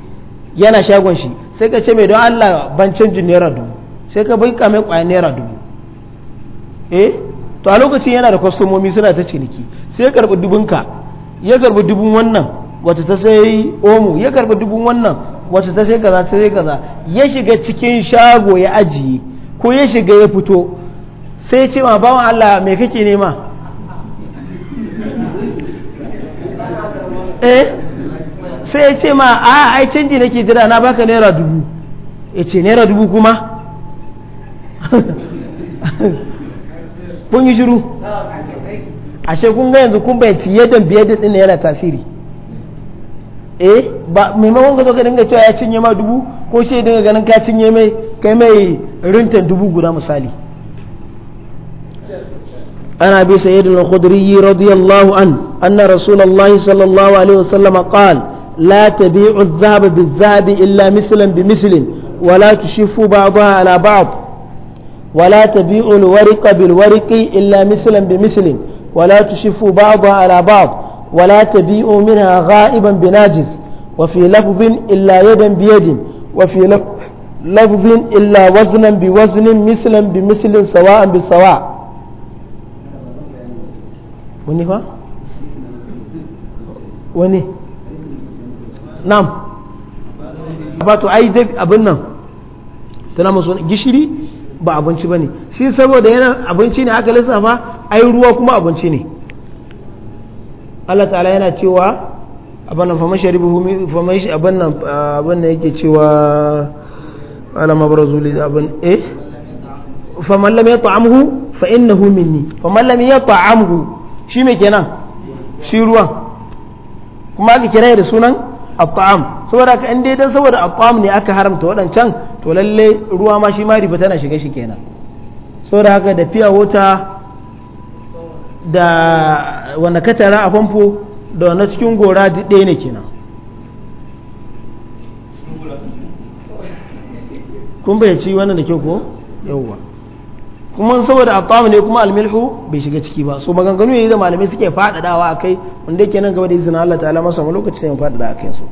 yana shagon shi sai ka ce mai don Allah ban canjin naira dubu sai ka bai kame kwaya naira dubu eh to a lokacin yana da kwastomomi suna ta ciniki sai ya dubun dubunka ya karɓi dubun wannan wata ta sai omo ya karɓi dubun wannan wata ta sai kaza ta sai kaza ya shiga cikin shago ya ajiye ko ya shiga ya fito sai ce ma bawan Allah me kake nema [laughs] eh sai ya ce ma a ai canji nake jira na baka naira dubu ya ce naira dubu kuma [laughs] kun yi shiru ashe kun ga yanzu kun bayanci yadda biyar da ɗin yana tasiri eh ba maimakon ka zo ka dinga cewa ya cinye ma dubu ko shi ya dinga ganin ka cinye mai kai mai rintan dubu guda misali عن ابي سعيد الخدري رضي الله عنه ان رسول الله صلى الله عليه وسلم قال لا تبيع الذهب بالذهب إلا مثلا بمثل ولا تشف بعضها على بعض ولا تبيع الورق بالورق إلا مثلا بمثل ولا تشف بعضها على بعض ولا تبيع منها غائبا بناجز وفي لفظ إلا يدا بيد وفي لفظ إلا وزنا بوزن مثلا بمثل سواء بسواء وني وني nam ba to ai dai abin nan tana musu gishiri ba abinci bane shi saboda yana abinci ne aka lissafa ai ruwa kuma abinci ne Allah ta'ala yana cewa abin nan faman sharibu faman shi abin nan abin nan yake cewa ala mabrazu abin eh faman lam yata'amhu fa innahu minni faman lam yata'amhu shi me kenan shi ruwan kuma aka kira da sunan at'am saboda ka in dai dan saboda at'am ne aka haramta waɗancan to lalle ruwa ma shi ma riba tana shiga shi kenan saboda haka da fiya wuta da wanda ka tara a famfo da wanda cikin gora ɗaya ne kenan kun bayyaci wannan da ke ko yawwa kuma saboda atamu ne kuma almilhu bai shiga ciki ba so maganganu ne da malamai suke faɗaɗawa a kai wanda yake nan gaba da izina Allah ta'ala masa mu lokaci ya faɗaɗa a kai su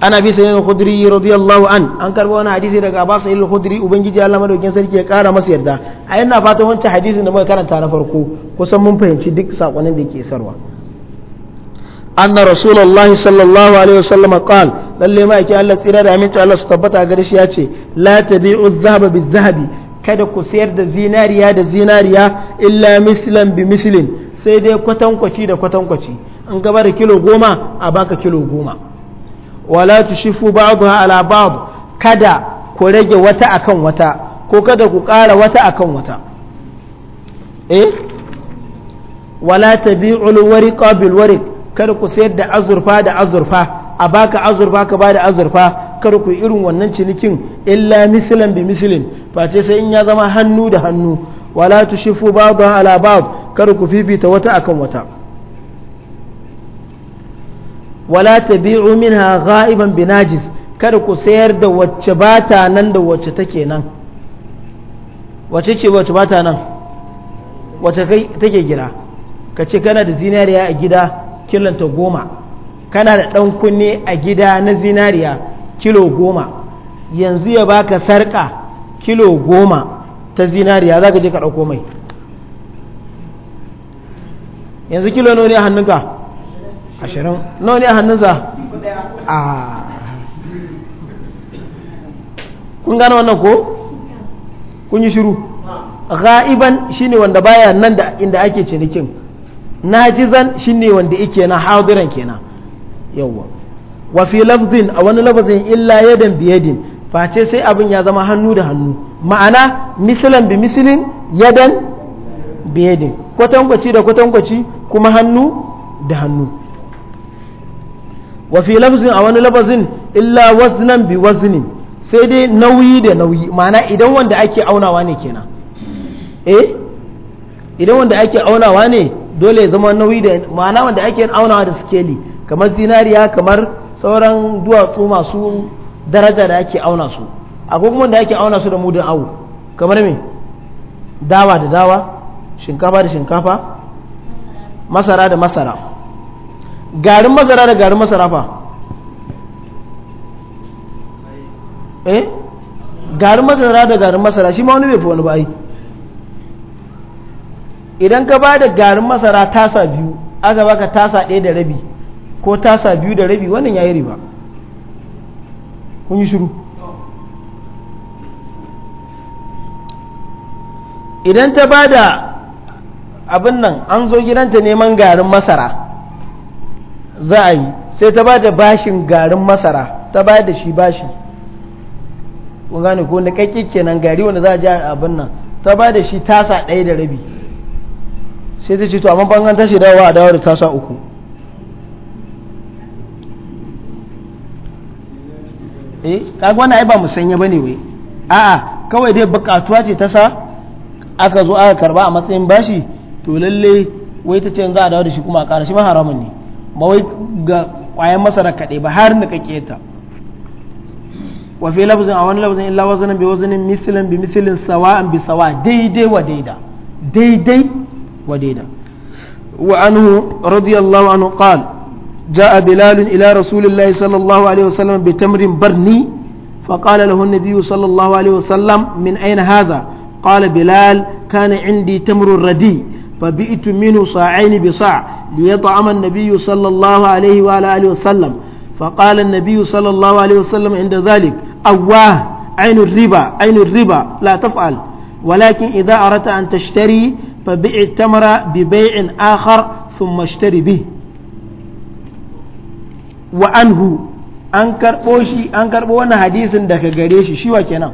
ana bi sayyidul khudri radiyallahu an an karbo wani hadisi daga Abbas sayyidul khudri ubangiji Allah madaukin sarki ya kara masa yarda a yana fatan wancan hadisin da muka karanta na farko kusan mun fahimci duk sakonin da ke sarwa anna rasulullahi sallallahu alaihi wasallam qala lalle ma yake Allah tsira da aminci Allah su tabbata gare shi ya ce la tabi'u dhahaba bil zahabi kada ku sayar da zinariya da zinariya illa mislan bi mislin sai dai kwatankwaci da kwatankwaci an gaba da kilo goma a baka kilo goma wala tushifu ba'daha ala ba'd kada ku rage wata akan wata ko kada ku ƙara wata akan wata eh wala al wariqa bil wariq kada ku sayar da azurfa da azurfa a baka azurfa ka bada azurfa kar ku irin wannan cinikin illa mislan bi mislin face sai in ya zama hannu da hannu wala tushifu ba'd ala ba'd kar ku fifita wata akan wata wala tabi'u minha ghaiban binajis kar ku sayar da wacce bata nan da wacce take nan wacce ce wacce bata nan wacce take gida ka ce kana da zinariya a gida killanta goma kana da ɗan kunne a gida na zinariya kilo goma yanzu ya baka sarƙa kilo goma ta zinariya za ka je ka ɗauko mai yanzu kilo nawa ne a hannunka ashirin nawa ne a hannunsa a kun gane wannan ko kun yi shiru ga'iban shine wanda baya nan da inda ake cinikin najizan shine wanda yake na hadiran kenan yawwa wa fi lafzin a wani lafzin illa yadan biyadin face sai abin ya zama hannu da hannu ma'ana misilan bi misilin yadan biyadin kwatankwaci da kwatankwaci kuma hannu da hannu wa fi lafzin a wani lafzin illa waznan bi waznin sai dai nauyi da nauyi ma'ana idan wanda ake aunawa ne kenan eh idan wanda ake aunawa ne dole ya zama nauyi da ma'ana wanda ake aunawa da sikeli kamar zinariya kamar sauran duwatsu masu daraja da ake auna su akwai kuma da ake auna su da mudin awu kamar me dawa da dawa shinkafa da shinkafa masara da masara garin masara da garin masara fa eh garin masara da garin masara shi ma wani bai fi wani ba idan ka ba da garin masara tasa biyu aka baka tasa ɗaya da rabi ko tasa biyu da rabi wannan ya yi riba kun yi shiru idan ta ba da abin nan an zo gidanta neman garin masara za a yi sai ta ba da bashin garin masara ta ba da shi bashi kun gane ko na kakki kenan gari wanda za a ji abin nan ta ba da shi tasa ɗaya da rabi sai ta ce to amma bangan tashi dawa a dawa da tasa uku eh kaga wannan ai ba musanya bane wai a'a kawai dai bukatuwa ce ta sa aka zo aka karba a matsayin bashi to lalle wai ta ce za a dawo da shi kuma a ƙara shi ma haramun ne ba wai ga ƙwayan masara kaɗai ba har kake keta wa fi lafzin a wani lafzin illa wazanin bi wazanin misilin bi misilin sawa'an bi sawa daidai wa daida daidai wa daida wa anhu radiyallahu anhu qala جاء بلال إلى رسول الله صلى الله عليه وسلم بتمر برني فقال له النبي صلى الله عليه وسلم من أين هذا قال بلال كان عندي تمر ردي فبئت منه صاعين بصاع ليطعم النبي صلى الله عليه وعلى آله وسلم فقال النبي صلى الله عليه وسلم عند ذلك أواه عين الربا عين الربا لا تفعل ولكن إذا أردت أن تشتري فبع التمر ببيع آخر ثم اشتري به wa anhu an karɓo shi an karɓo wannan hadisin daga gare shi shi wa kenan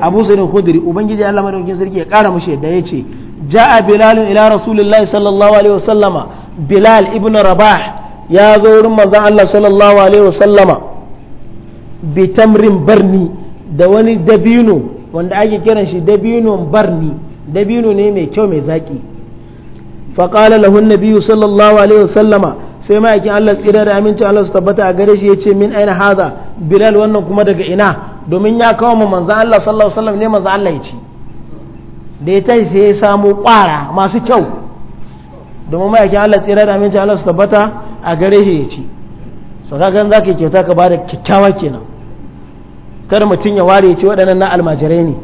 abu sa'id khudri ubangiji Allah madaukakin sarki ya kara mushi da yace ja'a bilal ila rasulillahi sallallahu alaihi wasallama bilal ibnu rabah ya zo wurin manzon Allah sallallahu alaihi wasallama bi tamrin barni da wani dabino wanda ake kiran shi dabino barni dabino ne mai kyau mai zaki فقال له النبي صلى الله عليه وسلم sai ma'aikin Allah tsira da amincin Allah su tabbata a gare shi ya ce min aina haza bilal wannan kuma daga ina domin ya kawo ma manzan Allah sallallahu alaihi wasallam ne manzan Allah ya ci da ya tashi sai ya samu kwara masu kyau domin ma'aikin Allah tsira da amincin Allah su tabbata a gare shi ya ci so ka gan zaka kyauta ka bada kyakkyawa kenan kar mutum ya ware ya ce waɗannan na almajirai ne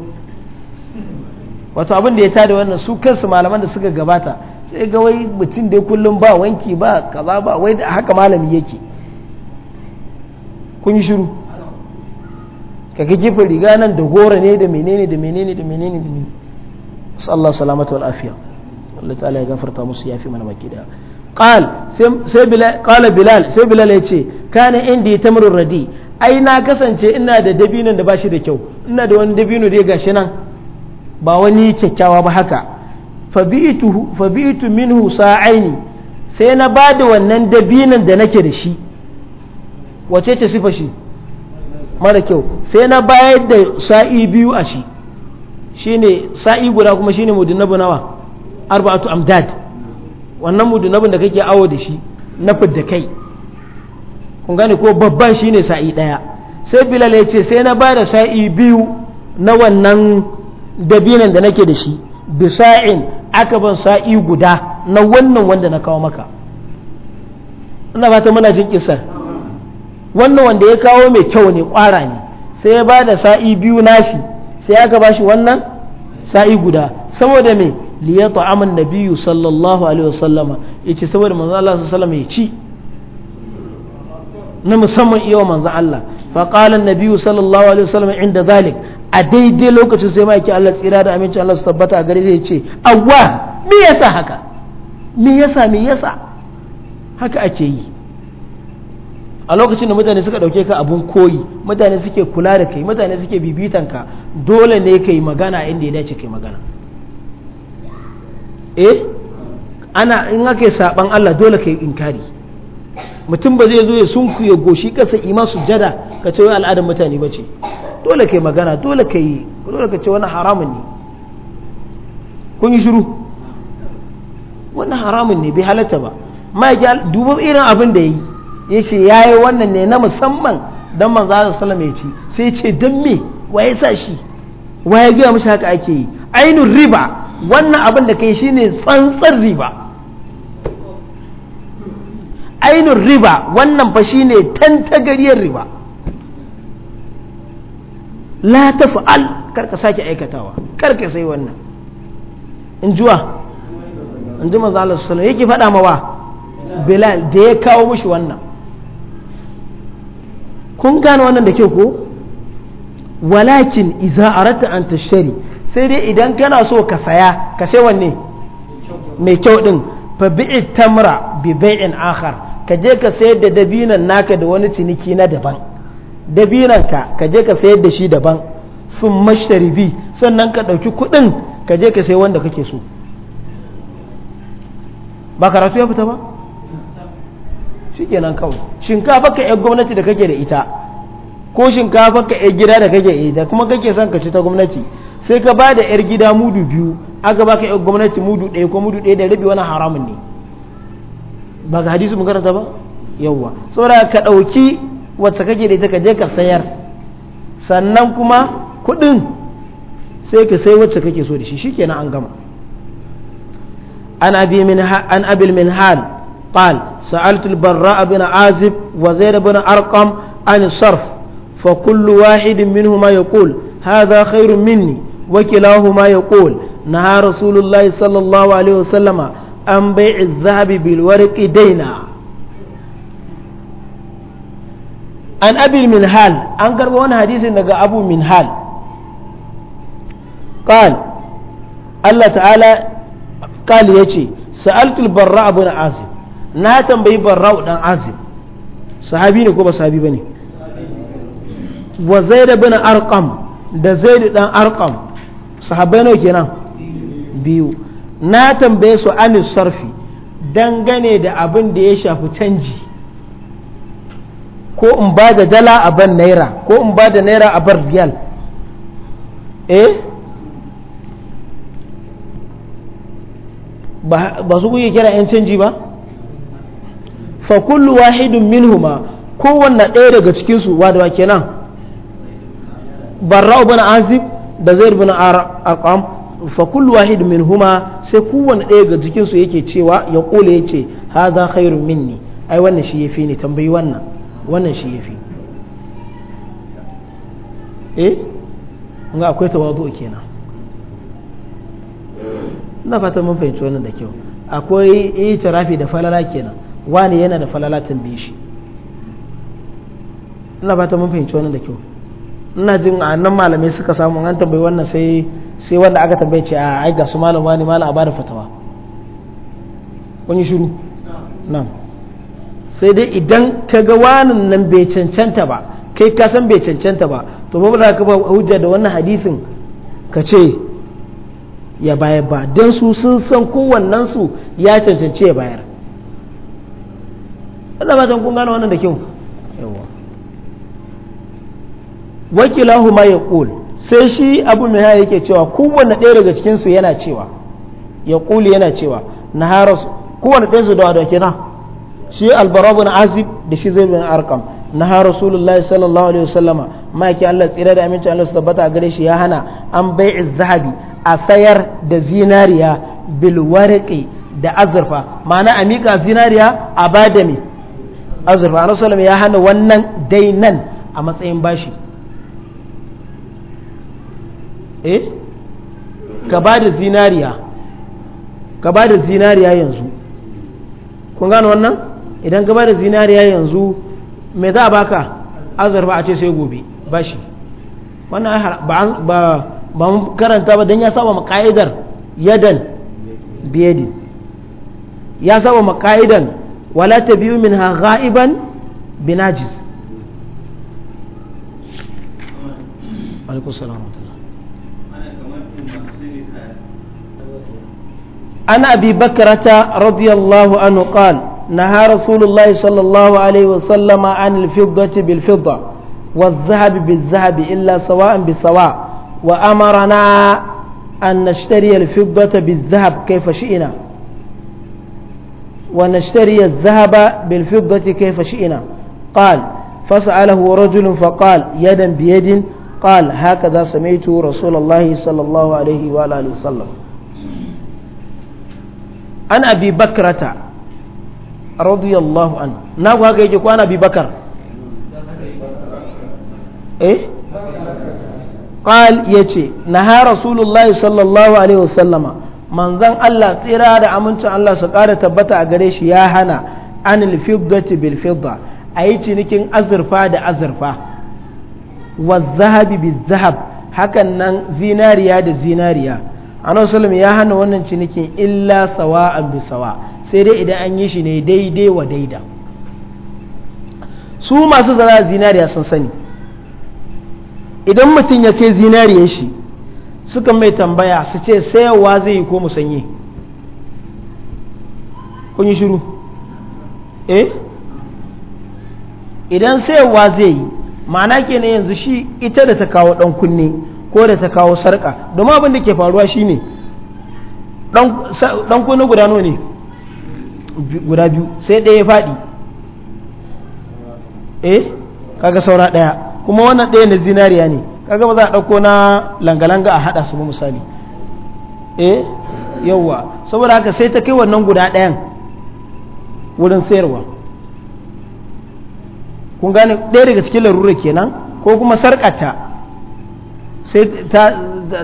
wato abin da ya tada wannan su kansu malaman da suka gabata sai ga wai mutum da kullum ba wanki ba kaza ba wai haka malami yake kun yi shiru ka ga gefen riga nan da gora ne da menene da menene da menene da menene sallallahu salamatu wal afiya Allah ta'ala ya gafarta musu yafi mana baki da qal sai bilal qala bilal sai bilal yace kana indi tamrur radi ai na kasance ina da dabinon da bashi da kyau ina da wani dabino da ya gashi nan ba wani kyakkyawa ba haka fabi'itu minhu sa'aini sai na ba da wannan dabinan da nake da shi wace ce sifa shi mara kyau sai na bayar da sa'i biyu a shi ne sa'i guda kuma shi ne mudunabu nawa arba'atu amdad wannan mudunnabin da kake awo da shi na fidda kai kun gane ko babban shi ne sa'i daya sai bilal ya ce sai na ba da sa'i biyu na wannan dabinan da nake da shi bisa'in aka ban sa'i guda na wannan wanda na kawo maka ina fata muna jin kisar wannan wanda ya kawo mai kyau ne kwara ne sai ya ba da sa'i biyu nashi sai aka ba shi wannan sa'i guda saboda me liya ta'aman nabiyyu sallallahu alaihi wasallama yace saboda manzo Allah sallallahu alaihi ya ci na musamman iya manzo Allah fa qala an-nabiyyu sallallahu alaihi wasallam inda zalik a daidai lokacin sai maki Allah tsira da aminci Allah su tabbata a gare zai ce awwa me yasa haka me yasa me yasa haka ake yi a lokacin da mutane suka dauke ka abun koyi mutane suke kula da kai mutane suke bibitan ka dole ne kai magana inda ya dace kai magana eh ana in ake saban Allah dole kai inkari mutum ba zai zo ya sunku ya goshi kasa ima sujada ka ce wai al'adar mutane ba ce dole ka yi magana dole ka yi dole ka ce wani haramun ne kun yi shiru wani haramun ne bai halatta ba ma duba irin abin da ya yi ya ce ya yi wannan ne na musamman don manzo Allah salama ya ci sai ya ce don me wa ya sa shi wa ya gaya mashi haka ake yi ainun riba wannan abin da kai shine tsantsar riba ainun riba wannan fa ne tantagariyar riba la taf'al karka sake aikatawa karka sai wannan in juwa in ji manzo sallallahu yake faɗa mawa Bilal da ya kawo mushi wannan kun gane wannan da kyau ko walakin a arata an tashari sai dai idan kana so ka saya ka sai wanne mai kyau din fa bi'i tamra bi bai'in akhar ka je ka sayar da dabinan naka da wani ciniki na daban dabinan ka ka je ka sayar da shi daban sun mashtari bi sannan ka ɗauki kuɗin ka je ka sayi wanda kake so ba karatu ya fita ba shi kenan kawai shinkafa ka 'yan gwamnati da kake da ita ko shinkafa ka 'yan gida da kake da kuma kake son ka ci ta gwamnati sai ka ba da 'yar gida mudu biyu aka ka 'yan gwamnati mudu ɗaya ko mudu ɗaya da rabi wani haramun ne ba ga hadisi karanta ba yawwa saboda ka ɗauki wacce kake da ita ka je ka sayar sannan kuma kuɗin sai ka sai wacce kake so da shi shikenan an gama an abi min an abil min hal qal sa'altu al-barra bin azib wa zaid bin arqam an sarf fa kullu wahid minhuma yaqul hadha khairun minni wa kilahuma yaqul naha rasulullahi sallallahu alaihi wasallama an bai zahabi bilwar warqi daina an abil hal an karba wani hadisin daga abu hal ƙal Allah ta'ala qal yace sa'altu al-barra abu na azim na tambayi barra dan azib sahabi ne ko ba sahabi bane wa zaid ibn arqam da zaid dan arqam sahabbai ne kenan biyu na tambaye su anis sarfi dangane da abin da ya shafi canji ko in ba da dala a ban naira ko in ba da naira a bar riyal eh ba su kuke kira 'yan canji ba fa kullu wahidun minhuma kowanne ɗaya daga cikinsu wa da kenan barra'u bana azib da zaid ibn arqam fa kullu wahid huma sai kowanne ɗaya ga jikin su yake cewa ya kula yace hadha khairun minni ai wannan shi yafi ne tambayi wannan wannan shi yafi eh ga akwai tawadu kenan na fata mun fahimci wannan da kyau akwai tarafi da falala kenan wani yana da falala tambaye shi ina fatan mun fahimci wannan da kyau ina jin a nan malamai suka samu an tambayi wannan sai sai wanda aka tambaye ce a ai ga su malam ne malam a bada fatawa kun yi shiru nan sai dai idan ka ga wanin nan bai cancanta ba kai ka san bai cancanta ba to ba za ka ba hujja da wannan hadisin ka ce ya bayar ba don su sun san kowannen ya cancanci ya bayar Allah ba kun gane wannan da kyau ma ya ƙul sai shi abu mai haya yake cewa kowanne ɗaya daga cikinsu yana cewa ya ƙuli yana cewa na harasu kowanne ɗaya su da kenan shi albarabu na azib da shi zai bin arkam na harasu rasulullahi sallallahu alaihi wasallama maki Allah tsira da amincin Allah su tabbata a gare shi ya hana an bai'i zahabi a sayar da zinariya bil da azurfa ma'ana a mika zinariya a bada me azurfa rasulullah ya hana wannan dainan a matsayin bashi eh ka ba da zinariya ka ba da zinariya yanzu kun gano wannan idan ka ba da zinariya yanzu me za a baka azurfa a ce sai gobe ba shi wannan ba mu karanta ba don ya saba maka'idar yadan biyadin ya saba ma walata biyu min ha ga'iban binajis alaikusalam عن أبي بكرة رضي الله عنه قال نهى رسول الله صلى الله عليه وسلم عن الفضة بالفضة والذهب بالذهب إلا سواء بسواء وأمرنا أن نشتري الفضة بالذهب كيف شئنا ونشتري الذهب بالفضة كيف شئنا قال فسأله رجل فقال يدا بيد قال هكذا سمعت رسول الله صلى الله عليه وآله وسلم an abi bakrata radiyallahu an na ku haka yake ko an abi bakar eh qal yace naha rasulullahi sallallahu alaihi wasallama manzon Allah tsira da amincin Allah su ƙara tabbata a gare shi ya hana anil fiddati bil fidda ayi cinikin azurfa da azurfa wa zahabi bil zahab hakan nan zinariya da zinariya annabi sallam ya hana wannan cinikin illa sawa'an bi sawa sai dai idan an yi shi ne daidai wa daida su masu zara zinariya sun sani idan mutum ya kai zinariyar shi suka mai tambaya su ce sayarwa zai yi ko musanye kun yi shiru eh idan sayarwa zai yi ma'ana kenan yanzu shi ita da ta kawo dan kunne ko da ta kawo sarka domin abin da ke faruwa shine dan kunne guda ne guda biyu sai ɗaya ya faɗi eh kaga saura ɗaya kuma wannan ɗaya na zinariya ne kaga ba za a ɗauko na langa a haɗa su ba misali eh yawwa saboda haka sai ta kai wannan guda ɗayan wurin sayarwa kun gane ɗaya daga cikin larura kenan ko kuma sarƙata sai ta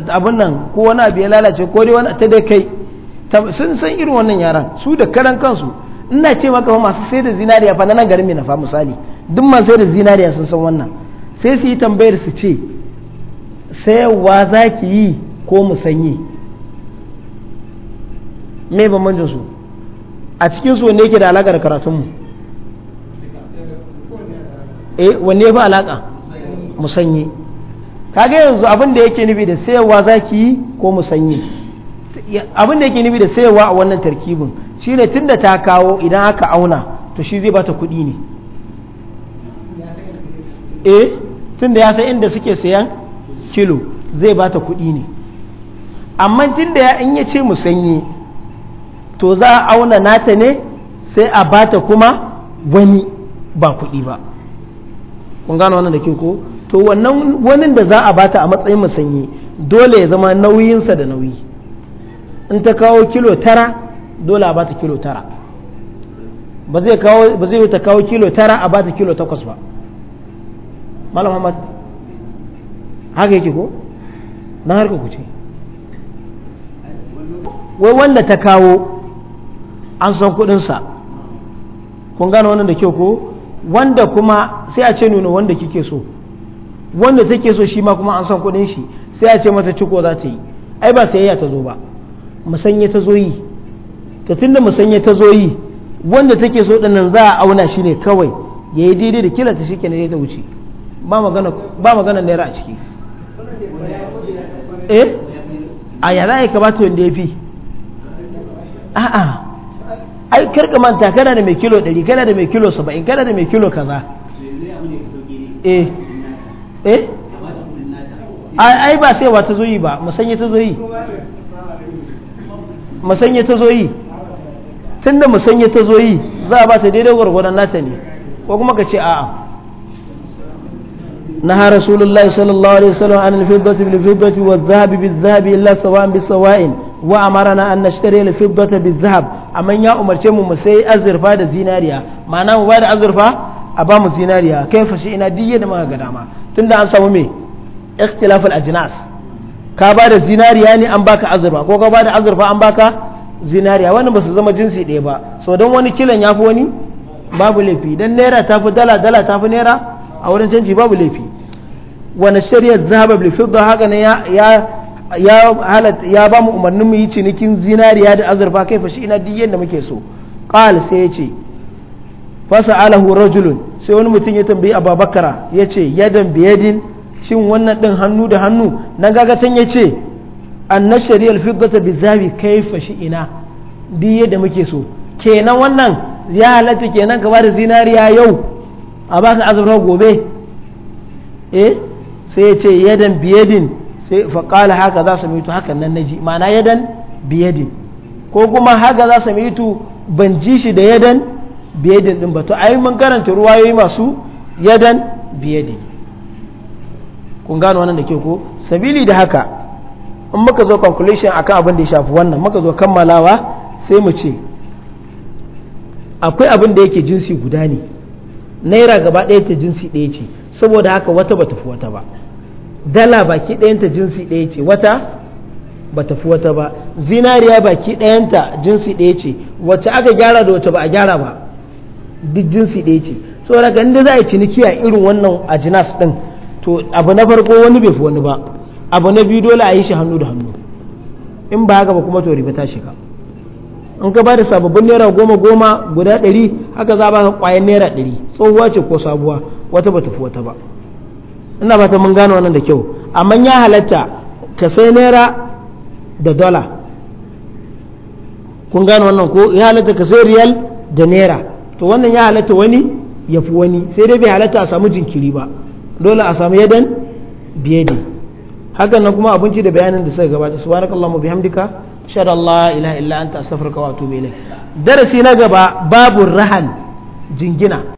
abin nan ko wani abu ya lalace ko dai wani ta da kai sun san irin wannan yaran su da karan kansu ina ce maka fa masu sai da zinariya fa nan garin mai nafa misali duk masu sai da zinariya sun san wannan sai su yi tambayar su ce sai wa za ki yi ko mu sanye me bambancin su a cikin su wanne yake da alaƙa da karatunmu eh wanne ya fi alaƙa musanyi kage yanzu abin da yake nufi da sayarwa zaki yi ko musanyi abin da yake nufi da sayarwa a wannan tarkibin shine tunda ta kawo idan aka auna to shi zai bata kuɗi ne eh tunda ya san inda suke sayan kilo zai bata kuɗi ne amma tunda ya in ya ce musanyi to za a auna nata ne sai a bata kuma wani ba kuɗi ba kun gano wannan da ke ko to wannan wani da za a bata a matsayin musanyi dole ya zama nauyinsa da nauyi in ta kawo kilo tara dole a bata kilo tara ba zai ta kawo kilo tara a bata kilo takwas ba malam hamad haka yake ko na harka ku ce wai wanda ta kawo an san kudinsa kun gane wannan da kyau ko wanda kuma sai a ce nuna wanda kike so wanda take so shi ma kuma an san kuɗin shi sai a ce mata ciko za ta yi ai ba sayayya ta zo ba musanye ta zo yi tun tunda musanye ta zo yi wanda take so nan za a auna shi ne kawai ya yi daidai da kila ta shi kenan ta wuce ba magana naira a ciki eh a yara ya ta wanda ya fi a'a ai karka manta kana da mai kilo 100 kana da mai kilo 70 kana da mai kilo kaza eh eh ai ba sai wata zoyi ba musanya ta zoyi musanya ta zoyi tunda musanya ta zoyi za a ba ta daidai gwargwadon nata ne ko kuma ka ce a'a نهى رسول الله صلى الله عليه وسلم عن الفضة بالفضة والذهب بالذهب إلا سواء بسواء وأمرنا أن نشتري الفضة بالذهب أما يا أمر شيء مسي أزرفا زيناريا معناه بعد أزرفا أبام زيناريا كيف شئنا دي ما قدامها tunda an samu me a ajnas ka ba da zinariya ne an baka azurfa ko ka ba da azurfa an baka zinariya wannan ba su zama jinsi ɗaya ba so don wani kilan ya fi wani babu laifi dan naira ta fi dala dala ta fi naira a wurin canji babu laifi wani shari'ar zahaba bil fidda haka ne ya ya halatta ya ba mu umarnin mu yi cinikin zinariya da azurfa kai fashi ina duk yadda muke so qal sai ya ce fasa alahu rajulun sai wani mutum ya tambayi ababakara ya ce yadan biyadin shin wannan din hannu da hannu na gagatan ya ce anna shari'ar fiddata bi zabi kai fashi ina duk yadda muke so kenan wannan ya halatta kenan ka da zinariya yau a baka azurar gobe eh sai ya ce yadan biyadin sai faƙala haka za su mutu hakan nan naji ma'ana yadan biyadin ko kuma haka za su mutu ban ji shi da yadan biyadin din ba to ai mun karanta ruwayoyi masu yadan biyadin kun gano wannan da ke ko sabili da haka in muka zo conclusion akan abin da ya shafi wannan muka zo kammalawa sai mu ce akwai abin da yake jinsi guda ne naira gaba ɗaya ta jinsi ɗaya ce saboda haka wata ba fi wata ba dala baki ɗayanta jinsi ɗaya ce wata ba fi wata ba zinariya baki ɗayanta jinsi ɗaya ce wacce aka gyara da wacce ba a gyara ba duk jinsi ɗaya ce saboda ga inda za a yi ciniki a irin wannan ajinas ɗin to abu na farko wani bai fi wani ba abu na biyu dole a yi shi hannu da hannu in ba haka ba kuma to riba ta shiga in ka ba da sababbin naira goma goma guda ɗari haka za ba ka ƙwayan naira ɗari tsohuwa ce ko sabuwa wata ba tafi wata ba ina ba ta mun gane wannan da kyau amma ya halatta ka sai naira da dola kun gane wannan ko ya halatta ka sai riyal da naira to wannan ya halatta wani ya fi wani sai dai bai halatta a samu jinkiri ba dole a samu yadan biyadi hakan nan kuma abinci da bayanin da suka gabata subhanakallahumma bihamdika ashhadu an la ilaha illa anta astaghfiruka wa atubu ilayk darasi na gaba babu rahan jingina